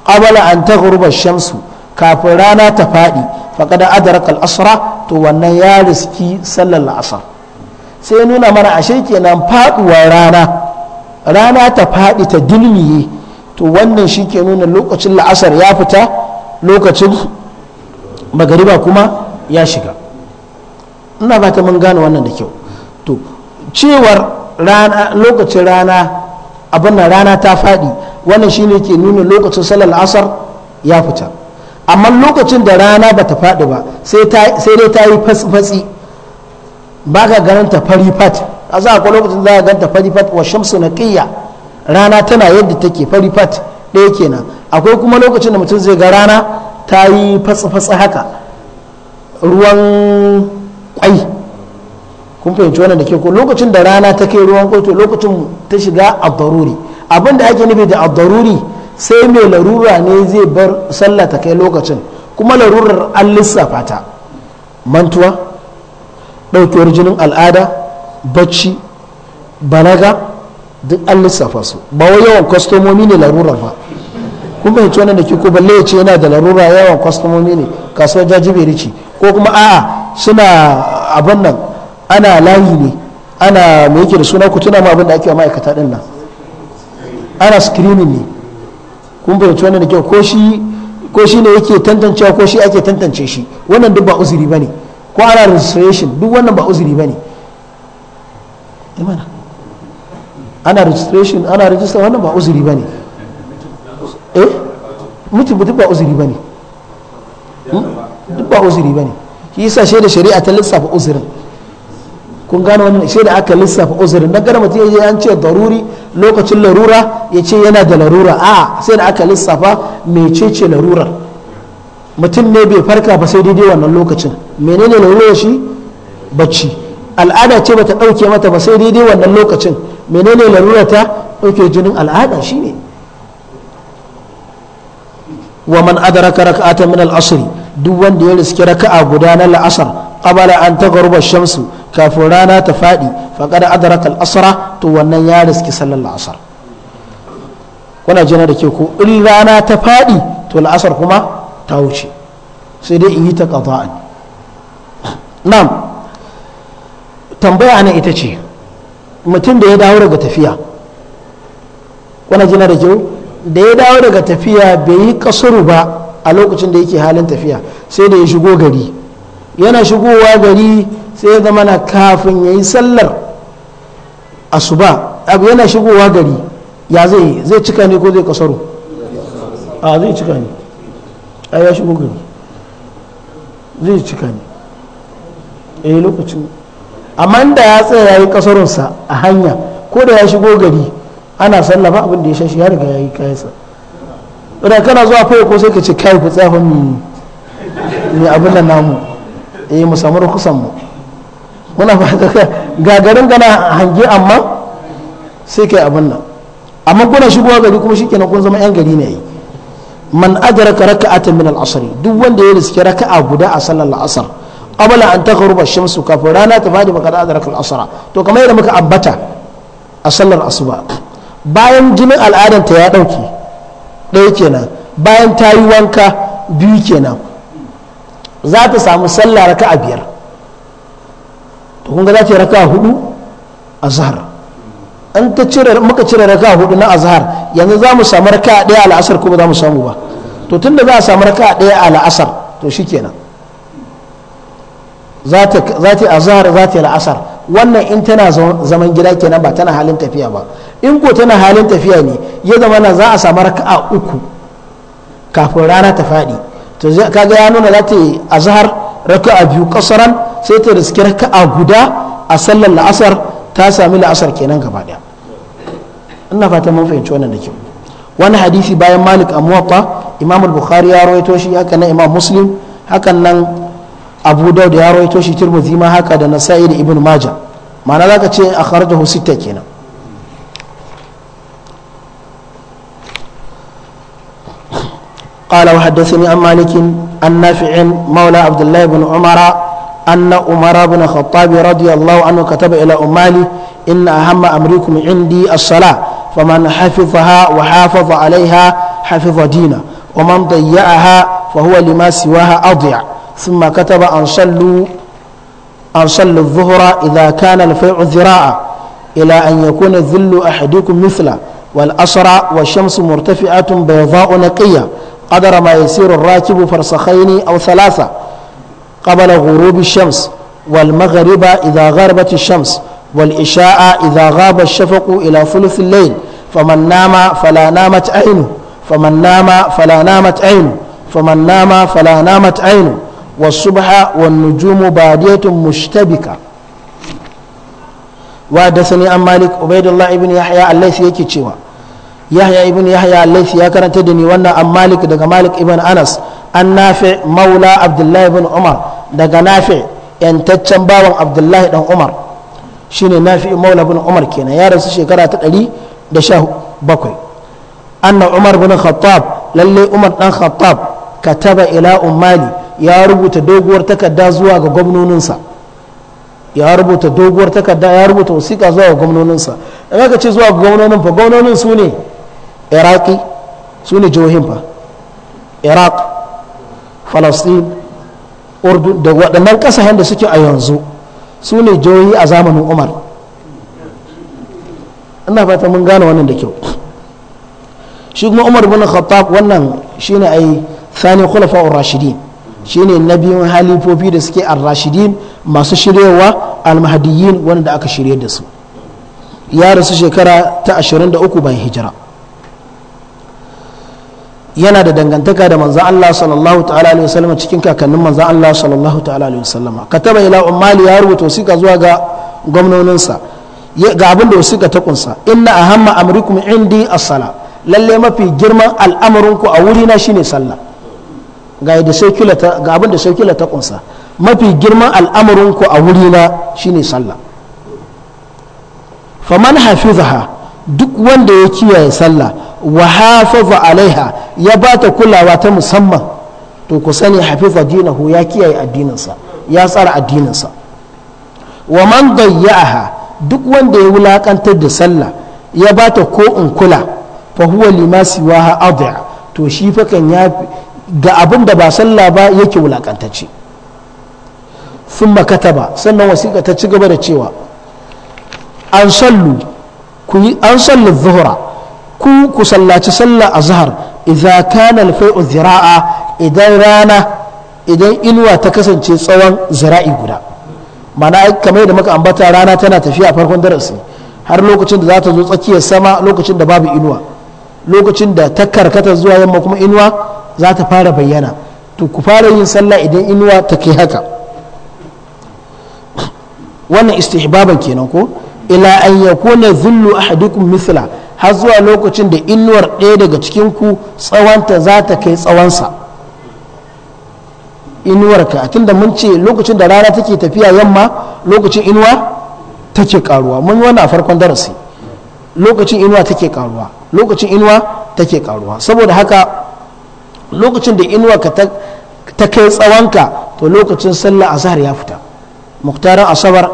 qabala an taghruba shamsu kafin rana ta fadi faqad adraka al-asra to wannan ya riski sallar la'asar sai nuna mana ashe kenan faduwar rana rana ta fadi ta dilmiye to wannan shi ke nuna lokacin la'asar ya fita lokacin magariba kuma ya shiga ina ba ta mun gane wannan da kyau to cewar lokacin rana abin rana ta faɗi wannan shi ne ke nuna lokacin salar asar ya fita amma lokacin da rana ba ta faɗi ba sai dai ta yi fatsi ba ka ganin ta fari fat a za a kwa lokacin za a ganta fari fat wa shamsu na ƙiyya rana tana yadda take fari fat ɗaya kenan akwai kuma lokacin da mutum zai ga rana ta yi fatsa-fatsa haka ruwan kwai kun fahimci wannan da ke ko lokacin da rana ta kai ruwan kwai to lokacin ta shiga abdaruri abin da ake nufi da abdaruri sai mai larura ne zai bar sallah ta kai lokacin kuma larurar an lissafa ta mantuwa ɗaukewar jinin al'ada bacci balaga duk an lissafa su ba wai yawan kwastomomi ne larurar ba kun fahimci wannan da ke ko balle ya ce yana da larura yawan kwastomomi ne kasuwar mai rici ko kuma a'a suna abin nan ana layi ne ana mai yake da suna ku tuna ma abin da ake wa ma'aikata din nan ana screening ne kun fahimci wannan da ke ko shi ko shi ne yake tantancewa ko shi ake tantance shi wannan duk ba uzuri ba ne ko ana registration duk wannan ba uzuri ne imana eh, ana registration ana register wannan ba uzuri ba ne eh mutum hmm? duk ba uzuri ba ne duk ba uzuri ba ne shi yasa shaida shari'a ta lissafa uzurin kun gano wannan da aka lissafa uzurin na gara mutum ya an ce daruri lokacin larura ya ce yana da larura a sai da aka lissafa ce larurar mutum ne bai farka ba sai daidai wannan lokacin menene larurar shi bacci al'ada ce bata ɗauke mata ba sai daidai wannan lokacin menene larura ta ɗauke jinin al'ada shine wa man adraka raka'atan min al duk wanda ya riski raka'a guda na la'asar qabala an tagruba shamsu kafin rana ta fadi faqad adraka al-asra to wannan ya riski sallar la'asar kuna jina da ke ko in rana ta fadi to la'asar kuma ta wuce sai dai in yi ta qada'an na'am tambaya ana ita ce mutum da ya dawo daga tafiya wani jina da kyau da ya dawo daga tafiya bai yi kasuru ba a lokacin da yake halin tafiya sai da ya shigo gari yana shigowa gari sai ya zama na kafin ya yi sallar asuba abu yana shigowa gari ya zai zai cika ne ko zai kasaro a zai cika ne a ya shigo gari zai cika ne eh lokacin amma da ya tsaya ya yi kasarunsa a hanya ko da ya shigo gari ana sallafa abin da ya shashi ya riga ya yi kayansa idan kana zuwa fai ko sai ka ce kai ku tsaya mai abin da namu eh mu samu rukusan mu muna fata gagarin gana hange amma sai kai abin nan amma kuna shigo gari kuma kenan kun zama yan gari ne yi man ka raka'atan min al-asr duk wanda ya riske raka'a guda a sallar asar qabla an taghruba shamsu kafin rana ta fadi baka adraka al-asra to kamar yadda muka abbata a sallar asuba bayan jinin al'adar ta ya dauke ɗaya kenan bayan ta yi wanka biyu kenan za ta samu sallah raka a biyar to kun ga za ta yi raka hudu a zahar an ta cire muka cire raka hudu na azhar yanzu za mu samu raka ɗaya a la'asar ko ba za mu samu ba to tunda za a samu raka ɗaya a la'asar to shikenan za ta azhar za ta la'asar wannan in tana zaman gida kenan ba tana halin tafiya ba in ko tana halin tafiya ne ya zama na za a samu raka'a uku kafin rana ta faɗi to kaga ya nuna za ta yi azhar raka'a biyu kasaran sai ta riski raka'a guda a sallar la'asar ta sami la'asar kenan gaba daya. ina fata mun fahimci wannan da kyau wani hadisi bayan malik a muwatta imam bukhari ya rawaito shi haka nan imam muslim hakan nan abu daud ya rawaito shi tirmidhi ma haka da nasa'i da ibn majah ma'ana zaka ce akhrajahu sita kenan قال وحدثني عن مالك عن نافع مولى عبد الله بن عمر أن عمر بن الخطاب رضي الله عنه كتب إلى أمالي إن أهم أمركم عندي الصلاة فمن حفظها وحافظ عليها حفظ دينه ومن ضيعها فهو لما سواها أضيع ثم كتب أن صلوا أن صلوا الظهر إذا كان الفيع ذراعا إلى أن يكون ذل أحدكم مثله والأسرع والشمس مرتفعة بيضاء نقية قدر ما يسير الراكب فرسخين أو ثلاثة قبل غروب الشمس والمغرب إذا غربت الشمس والإشاء إذا غاب الشفق إلى ثلث الليل فمن نام فلا نامت عينه فمن نام فلا نامت عينه فمن نام فلا نامت عينه والصبح والنجوم بادية مشتبكة وحدثني عن مالك عبيد الله بن يحيى الليثي يكي تشيوا يحيى ابن يحيى الليثي يا كرنت دني وانا عن مالك دغ مالك ابن انس عن نافع مولى عبد الله بن عمر دغ نافع yantaccen bawan abdullahi dan umar shine nafi maula bin umar kenan ya rasu shekara ta ɗari da sha bakwai anna umar bin khattab lalle umar dan khattab kataba ila ummali ya rubuta doguwar takarda zuwa ga gwamnoninsa ya rubuta doguwar takarda ya rubuta wasiƙa zuwa ga gwamnoninsa da aka ce zuwa ga gwamnonin fa gwamnonin su ne iraki su ne jihohin fa iraq falastin urdu da waɗannan ƙasashen da suke a yanzu su ne jihohi a zamanin umar ina fata mun gane wannan da kyau shi kuma umar bin khattab wannan shine ai thani khulafa ar-rashidin shine na biyun halifofi da suke al rashidin masu shiryawa al-mahdiyyin wanda aka shirye da su ya rasu shekara ta 23 bayan hijira yana da dangantaka da manzan Allah sallallahu ta'ala alaihi wasallam cikin kakannin manzan Allah sallallahu ta'ala alaihi wasallam kataba ila ummali ya rubuta wasiƙa zuwa ga gwamnoninsa ga abin da wasiƙa ta kunsa inna ahamma amrikum indi as-sala lalle mafi girman al'amarinku a wurina shine sallah ga abin da saukila ta kunsa mafi girman al'amarin ku a wurina shine sallah faman hafizaha duk wanda ya kiyaye sallah wa hafaza alaiha ya ba ta kulawa ta musamman to ku sani hafiza dinahu ya kiyaye addininsa ya tsara addininsa wa man dayya'aha duk wanda ya wulakantar da sallah ya ba ta ko in kula fa huwa lima siwaha adha to shi fa kan ga abin da ba sallah ba yake wulakantacce sun makata ba sannan wasiƙa ta ci gaba da cewa an sallu ku yi an sallu zuhura ku ku sallaci sallah a zahar idza kana alfai'u zira'a idan rana idan inuwa ta kasance tsawon zira'i guda mana kamar yadda muka ambata rana tana tafiya a farkon darasi har lokacin da za ta zo tsakiyar sama lokacin da babu inuwa lokacin da ta karkata zuwa yamma kuma inuwa za ta fara bayyana to ku fara yin sallah idan inuwa ta kai haka wannan istihbaban kenan ko ila an yakuna zullu ahadukum mithla har zuwa lokacin da inuwar ɗaya daga cikin ku tsawanta za ta kai tsawansa inuwarka tunda mun ce lokacin da rana take tafiya yamma lokacin inuwa take karuwa mun yi wannan a farkon darasi lokacin inuwa take karuwa lokacin inuwa take karuwa saboda haka lokacin da inuwa ka ta kai tsawonka to lokacin sallah azhar ya fita muktarin asabar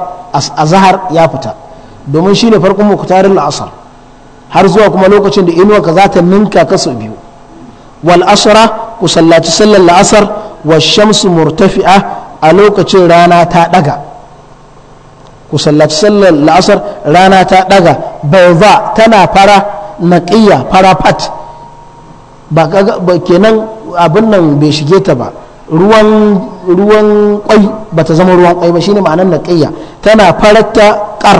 azhar ya fita domin shine farkon muktarin la'asar har zuwa kuma lokacin da inuwa ka za ta ninka kasu biyu wal asra ku sallaci sallar la'asar wa shamsu murtafi'a a lokacin rana ta daga ku sallaci sallar la'asar rana ta daga bayza tana fara naqiya fara fat ba kenan abin nan bai shige ta ba ruwan kwai ba ta zama ruwan kwai ba shine ma'anar naqiyya tana farata kar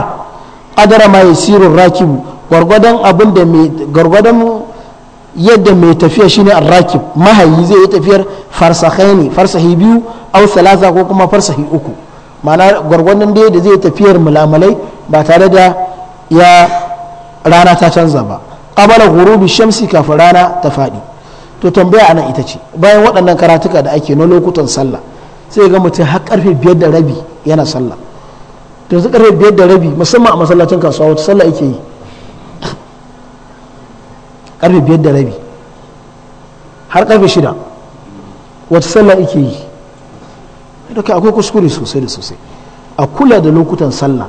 adara ma yasiru rakibu gwargwadon abin da mai gwargwadon yadda mai tafiya shine a rakib mahayi zai yi tafiyar ne farsahi biyu au salasa ko kuma farsahi uku ma'ana gwargwadon da zai tafiyar mulamalai ba tare da ya rana ta canza ba qabala ghurubi shamsi kafin rana ta faɗi to tambaya anan ita ce bayan waɗannan karatuka da ake na lokutan sallah sai ga mutum har karfe biyar da rabi yana sallah to su karfe biyar da rabi musamman a masallacin kasuwa wata sallah ake yi karfe biyar da rabi har karfe shida wata sallah ake yi duka akwai kuskure sosai da sosai a kula da lokutan sallah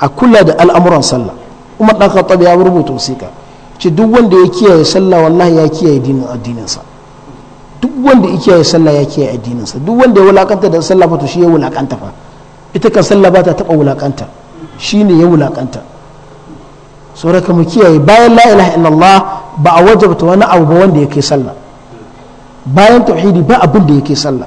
a kula da al'amuran sallah umar ɗan khattab ya rubuta wasiƙa ce duk wanda ya kiyaye sallah wallahi ya kiyaye dinin addininsa duk wanda ya kiyaye sallah ya kiyaye addininsa duk wanda ya wulakanta da sallah ba to shi ya wulakanta fa ita kan sallah ba ta taba wulakanta shine ya wulakanta sauraka mu kiyaye bayan la ilaha illallah ba a wajabta wani abu ba wanda yake sallah bayan tauhidi ba abin da yake sallah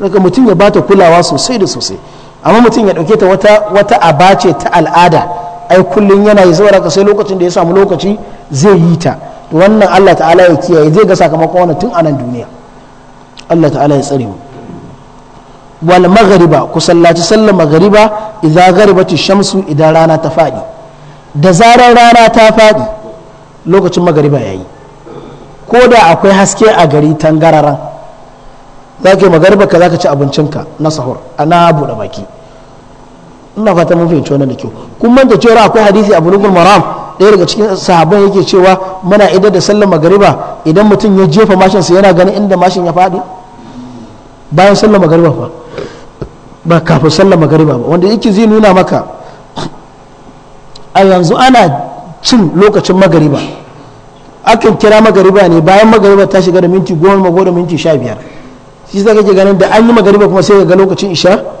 daga mutum ya bata kulawa sosai da sosai amma mutum ya dauke ta wata wata aba ta al'ada ai kullum yana yi saboda sai lokacin da ya samu lokaci zai yi ta wannan Allah ta'ala ya kiyaye zai ga sakamakon wannan tun a nan duniya Allah ta'ala ya tsare mu wal maghriba ku sallaci sallar maghriba idza gharibati shamsu idan rana ta fadi da zarar rana ta fadi lokacin maghriba yayi ko da akwai haske a gari tangararan zaka yi maghriba ka zaka ci abincinka na sahur ana buɗe baki ina fata mun fahimci wannan da kyau kun manta cewa akwai hadisi abu nufin maram ɗaya daga cikin sahabban yake cewa muna idar da sallar magariba idan mutum ya jefa mashin sa yana ganin inda mashin ya faɗi bayan sallar magariba fa ba kafin sallar magariba ba wanda yake zai nuna maka a yanzu ana cin lokacin magariba akan kira magariba ne bayan magariba ta shiga da minti goma ko da minti sha biyar shi zaka ke ganin da an yi magariba kuma sai ga lokacin isha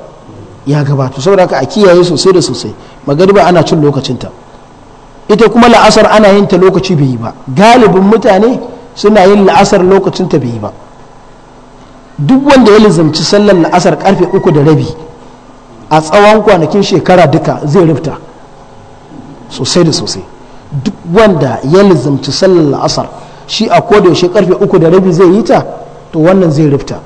ya gabatu saboda haka a kiyaye sosai da sosai magariba ana cin lokacinta ita kuma la'asar ana yin ta lokaci bai yi ba galibin mutane suna yin la'asar lokacinta bai yi ba duk wanda ya lizamci sallar la'asar karfe uku da rabi a tsawon kwanakin shekara duka zai rufta sosai da sosai duk wanda ya lizamci sallar la'asar shi a koda yaushe karfe uku da rabi zai yi ta to wannan zai rufta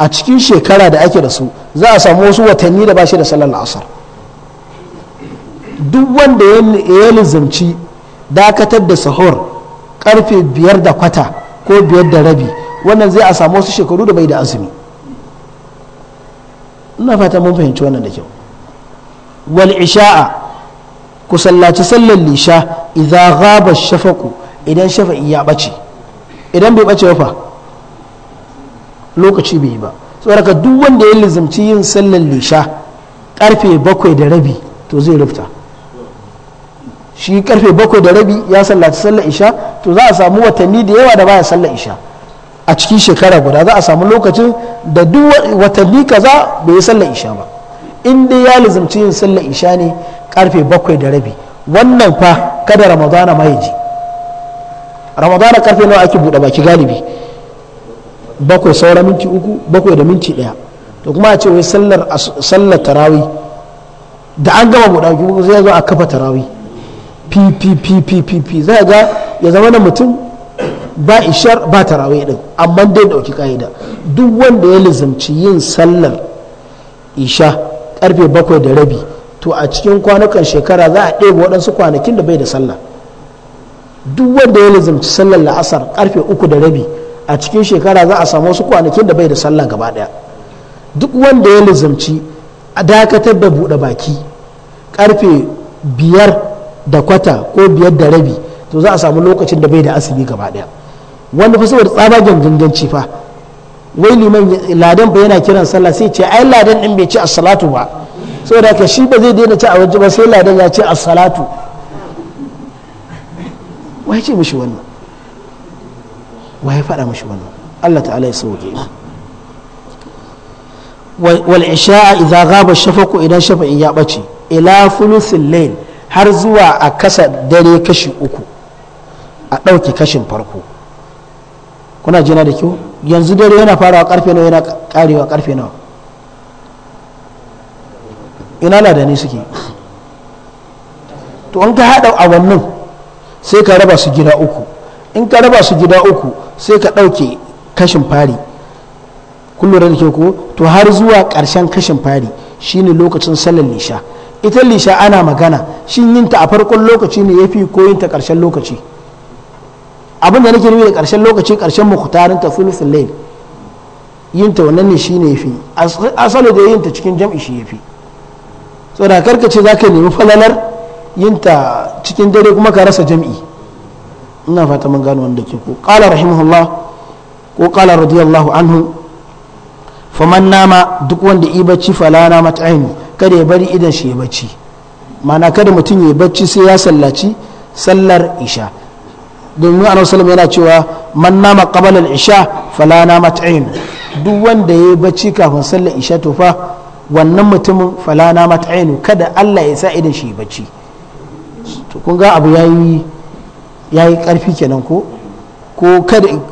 a cikin shekara da ake da su za a samu wasu watanni da ba shi da salon la'asar duk wanda ya lizimci dakatar da sahur karfe biyar da kwata ko biyar da rabi wannan zai a samu wasu shekaru da bai da azumi ina fata mun fahimci wannan da kyau wal isha'a ku sallaci sallar lisha idan ghaba idan shafa'i ya bace idan bai bace fa lokaci bai yi ba tsoraka duk wanda ya lizimci yin sallar lisha karfe bakwai da rabi to zai rufta shi karfe bakwai da rabi ya sallaci sallar isha to za a samu watanni da yawa da baya sallar isha a cikin shekara guda za a samu lokacin da duk watanni kaza bai yi sallar isha ba in dai ya lizimci yin sallar isha ne karfe bakwai da rabi wannan fa kada ramadana ma ya ji ramadana karfe nawa ake buɗe baki galibi bakwai saura minti uku bakwai da minti ɗaya to kuma a ce wai sallar sallar tarawi da an gama buɗa ki sai ya zo a kafa tarawi pppp za a ga ya zama na mutum ba ishar ba tarawi din amma dai ɗauki ka'ida duk wanda ya lizamci yin sallar isha karfe bakwai da rabi to a cikin kwanukan shekara za a ɗebe waɗansu kwanakin da bai da sallah duk wanda ya lizamci sallar la'asar karfe uku da rabi a cikin shekara za a samu wasu kwanakin da bai da sallah gaba daya duk wanda ya lizamci a dakatar da buɗe baki karfe biyar da kwata ko biyar da rabi to za a samu lokacin da bai da asibi gaba daya wanda fa saboda tsabagen ganganci fa wai liman ladan ba yana kiran sallah sai ce ai ladan din bai ci as-salatu ba saboda ka shi ba zai daina ci a waje ba sai ladan ya ci as-salatu wai ce mishi wannan wa ya faɗa mashi wannan Allah ta'ala ya sauke wal isha'a idza ghaba shafaqu idan shafa'in ya bace ila thuluthil layl har zuwa a kasa dare kashi uku a ɗauki kashin farko kuna jina da kyau yanzu dare yana farawa karfe nawa yana karewa karfe nawa ina ladani suke to an ka haɗa awannin sai ka raba su gida uku in ka raba su gida uku sai ka ɗauke kashin fari kullum da ke ko to har zuwa ƙarshen kashin fari shine lokacin sallar lisha ita lisha ana magana shin yin ta a farkon lokaci ne yafi ko yin ta ƙarshen lokaci abin da nake nufi da ƙarshen lokaci ƙarshen mukhtarin ta thuluthul layl yin ta wannan ne shine yafi asali da yin ta cikin jam'i shi yafi saboda karka ce zaka nemi falalar yin ta cikin dare kuma ka rasa jam'i ina fata mun gano wanda ke ko qala rahimahullah ko qala radiyallahu anhu faman nama duk wanda yi bacci fala na mat'aini kada ya bari idan shi ya bacci mana kada mutum ya bacci sai ya sallaci sallar isha domin annabi sallallahu yana cewa man nama qabala al-isha fala na mat'ain duk wanda ya bacci kafin sallar isha to fa wannan mutumin falana na mat'ain kada Allah ya sa idan shi bacci to kun ga abu yayi ya yi ƙarfi kenan ko ko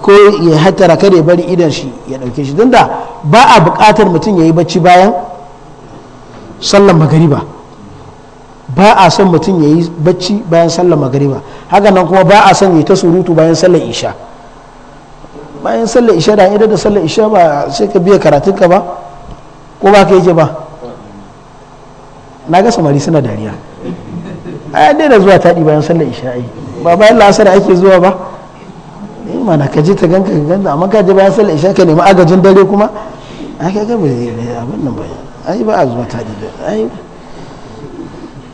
ko ya hatara kada ya bari idan shi ya ɗauke shi tunda ba a buƙatar mutum ya yi bacci bayan sallar magariba ba a son mutum ya yi bacci bayan sallar magariba haka nan kuma ba a son ya ta surutu bayan sallar isha bayan sallar isha da idan da sallar isha ba sai ka biya karatunka ba ko ba ka yake ba na ga samari suna dariya a yadda da zuwa taɗi bayan sallar isha ba bayan la'asar ake zuwa ba eh, mana ka je ta ganka ka ganta amma ka je bayan sallar isha ka nemi agajin dare kuma ai ka ga ba zai abin nan ai ba a zuwa ta da ai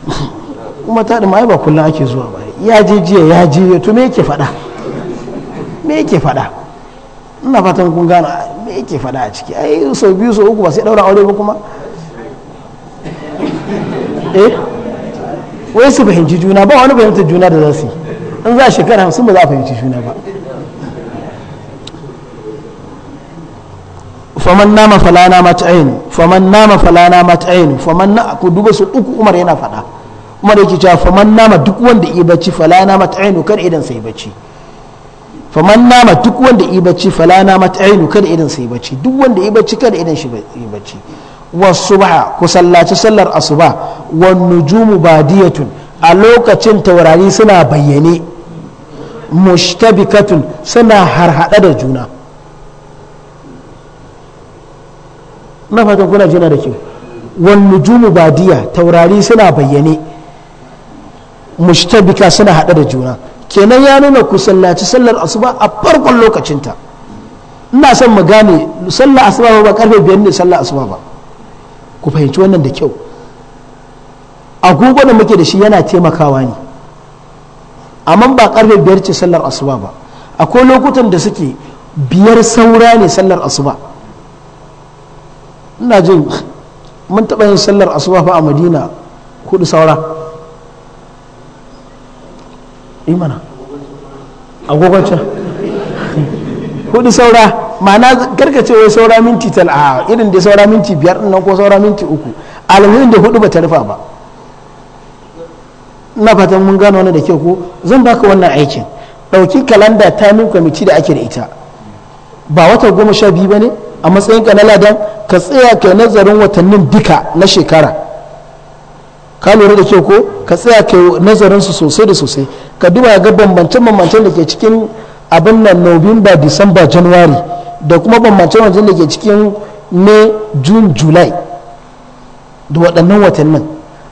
kuma ta da ai ba kullum ake zuwa ba ya je jiya ya je to me me yake faɗa ciki ai sau biyu sau uku ba sai aure ba kuma eh? wai su fahimci juna ba wani fahimtar juna da za su yi in za shekara hamsin ba za a fahimci juna ba faman nama falana mata'in faman nama falana mata'in faman na ku duba su uku umar yana faɗa umar yake cewa faman nama duk wanda iya bacci falana mata'in kar idan sai bacci faman nama duk wanda iya bacci falana mata'in kar idan sai bacci duk wanda iya bacci kar idan shi bacci wasubha ku sallaci sallar asuba wan nujumu badiyatun a lokacin taurari suna bayyane mushtabikatun suna harhaɗa da juna na fatan kuna juna da kyau wan nujumu badiya taurari suna bayyane mushtabika suna haɗe da juna kenan ya nuna ku sallaci sallar asuba a farkon lokacinta ina son mu gane sallar asuba ba karfe biyar ne sallar asuba ba ku fahimci wannan da kyau agogo da muke da shi yana taimakawa ne amma ba karfe biyar ce sallar asuba ba akwai lokutan da suke biyar saura ne sallar asuba ina jin mun taɓa yin sallar asuba ba a madina hudu saura imana eh agogon can hudu saura ma'ana karkace wai saura minti tal irin da saura minti biyar nan ko saura minti uku alhamdulillah da hudu ba ta rufa ba na fatan mun gano wani da ke ko zan baka wannan aikin ɗauki kalanda ta min kwamiti da ake da ita ba wata goma sha biyu ba ne a matsayin ka na ladan ka tsaya kai nazarin watannin duka na shekara ka lura da ke ko ka tsaya ka nazarin su sosai da sosai ka duba ga bambance bambancen da ke cikin abin nan nobimba disamba January da kuma bambance wajen da ke cikin may june july da waɗannan watannin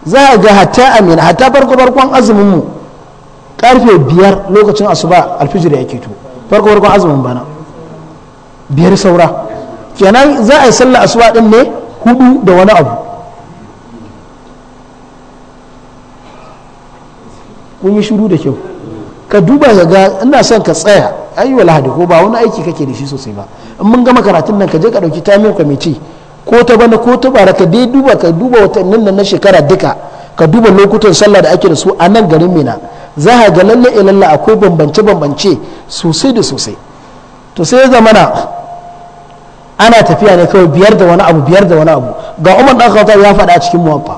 za a ga hatta amina hatta farko farkon azumin mu karfe biyar lokacin asuba alfijir ya keto farko farkon azumin bana biyar saura kenan za a yi sallah asuba din ne hudu da wani abu kun yi shuru da kyau ka duba ka ga ina son ka tsaya ayi wala hadi ko ba wani aiki kake da shi sosai ba in mun gama karatun nan ka je ka dauki mai ci ko ta bana ko ta bara ka dai duba ka duba watannin nan na shekara duka ka duba lokutan sallah da ake da su a nan garin mina za ga lalle ilalla eh, akwai bambance bambance sosai da sosai to sai zama zamana ana tafiya ne kawai biyar da wani abu biyar da wani abu ga umar dan khattab ya faɗa a cikin muwaffa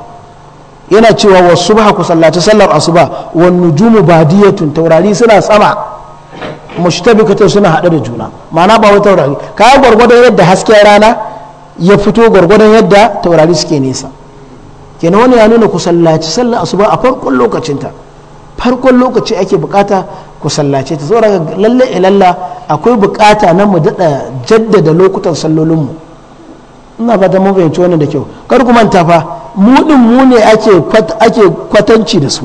yana cewa wasu ba ku sallaci sallar asuba wa nujumu tun taurari suna sama mushtabikatun suna haɗe da juna ma'ana ba wai taurari kayan gwargwadon yadda hasken rana ya fito gwargwadon yadda taurari suke nesa kenan wani ya nuna ku sallaci sallar asuba a farkon lokacinta farkon lokaci ake bukata ku sallace ta saboda lalle ilalla akwai bukata na mu daɗa jaddada lokutan sallolinmu ina fata mun fahimci wannan da kyau kar ku manta fa mu din mu ne ake kwatanci da su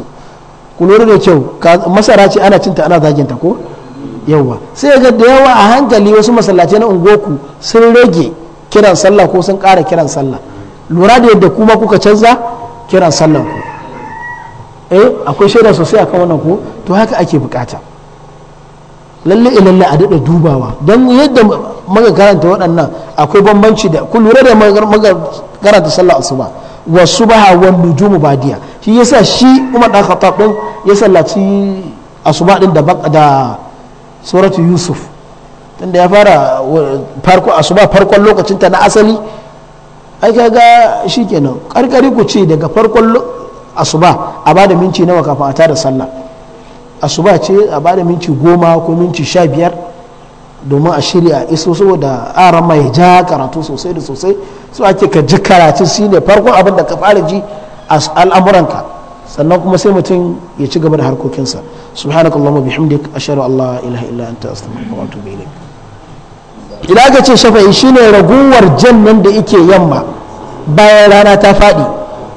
ku lura da kyau masara ce ana cinta ana zaginta ko yawa sai ga da yawa a hankali wasu masallaci na ungoku sun rage kiran sallah ko sun ƙara kiran sallah lura da yadda kuma kuka canza kiran sallah ku eh akwai shaida sosai akan wannan ko to haka ake bukata lalle lalle a daɗa dubawa don yadda maga karanta waɗannan akwai bambanci da ku lura da maga karanta sallah asuba wasu subha wa nujumu badiya shi yasa shi Umar da Khattab din ya sallaci asuba din da da suratu Yusuf tunda ya fara farko asuba farkon lokacin ta na asali ai ga shikenan karkari ku ce daga farkon asuba a bada minti nawa kafin a tada sallah asuba ce a bada minti goma ko minti sha biyar domin a shirya iso saboda aran mai ja karatu sosai da sosai su ake ka ji karatu shi ne farkon abin da ka fara ji a al'amuranka sannan kuma sai mutum ya ci gaba da harkokinsa subhanakallahumma bihamdik ashhadu an la ilaha illa anta astaghfiruka wa atubu ilaik idan aka ce shafa'i shine raguwar jan nan da yake yamma bayan rana ta fadi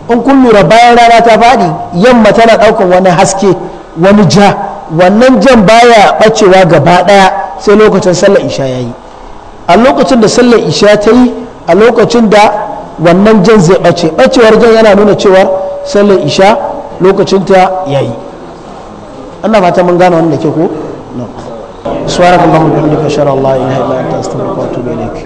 in kun lura bayan rana ta fadi yamma tana daukan wani haske wani ja wannan jan baya ɓacewa gaba daya sai lokacin sallar isha ya yi a lokacin da sallar isha ta yi a lokacin da wannan jan zai ɓace ɓacewar jan yana nuna cewa sallar isha lokacinta ya yi ana fata mun gane wanda ke ko? no. suwara kuma mun duka shara Allah ya haɗa ta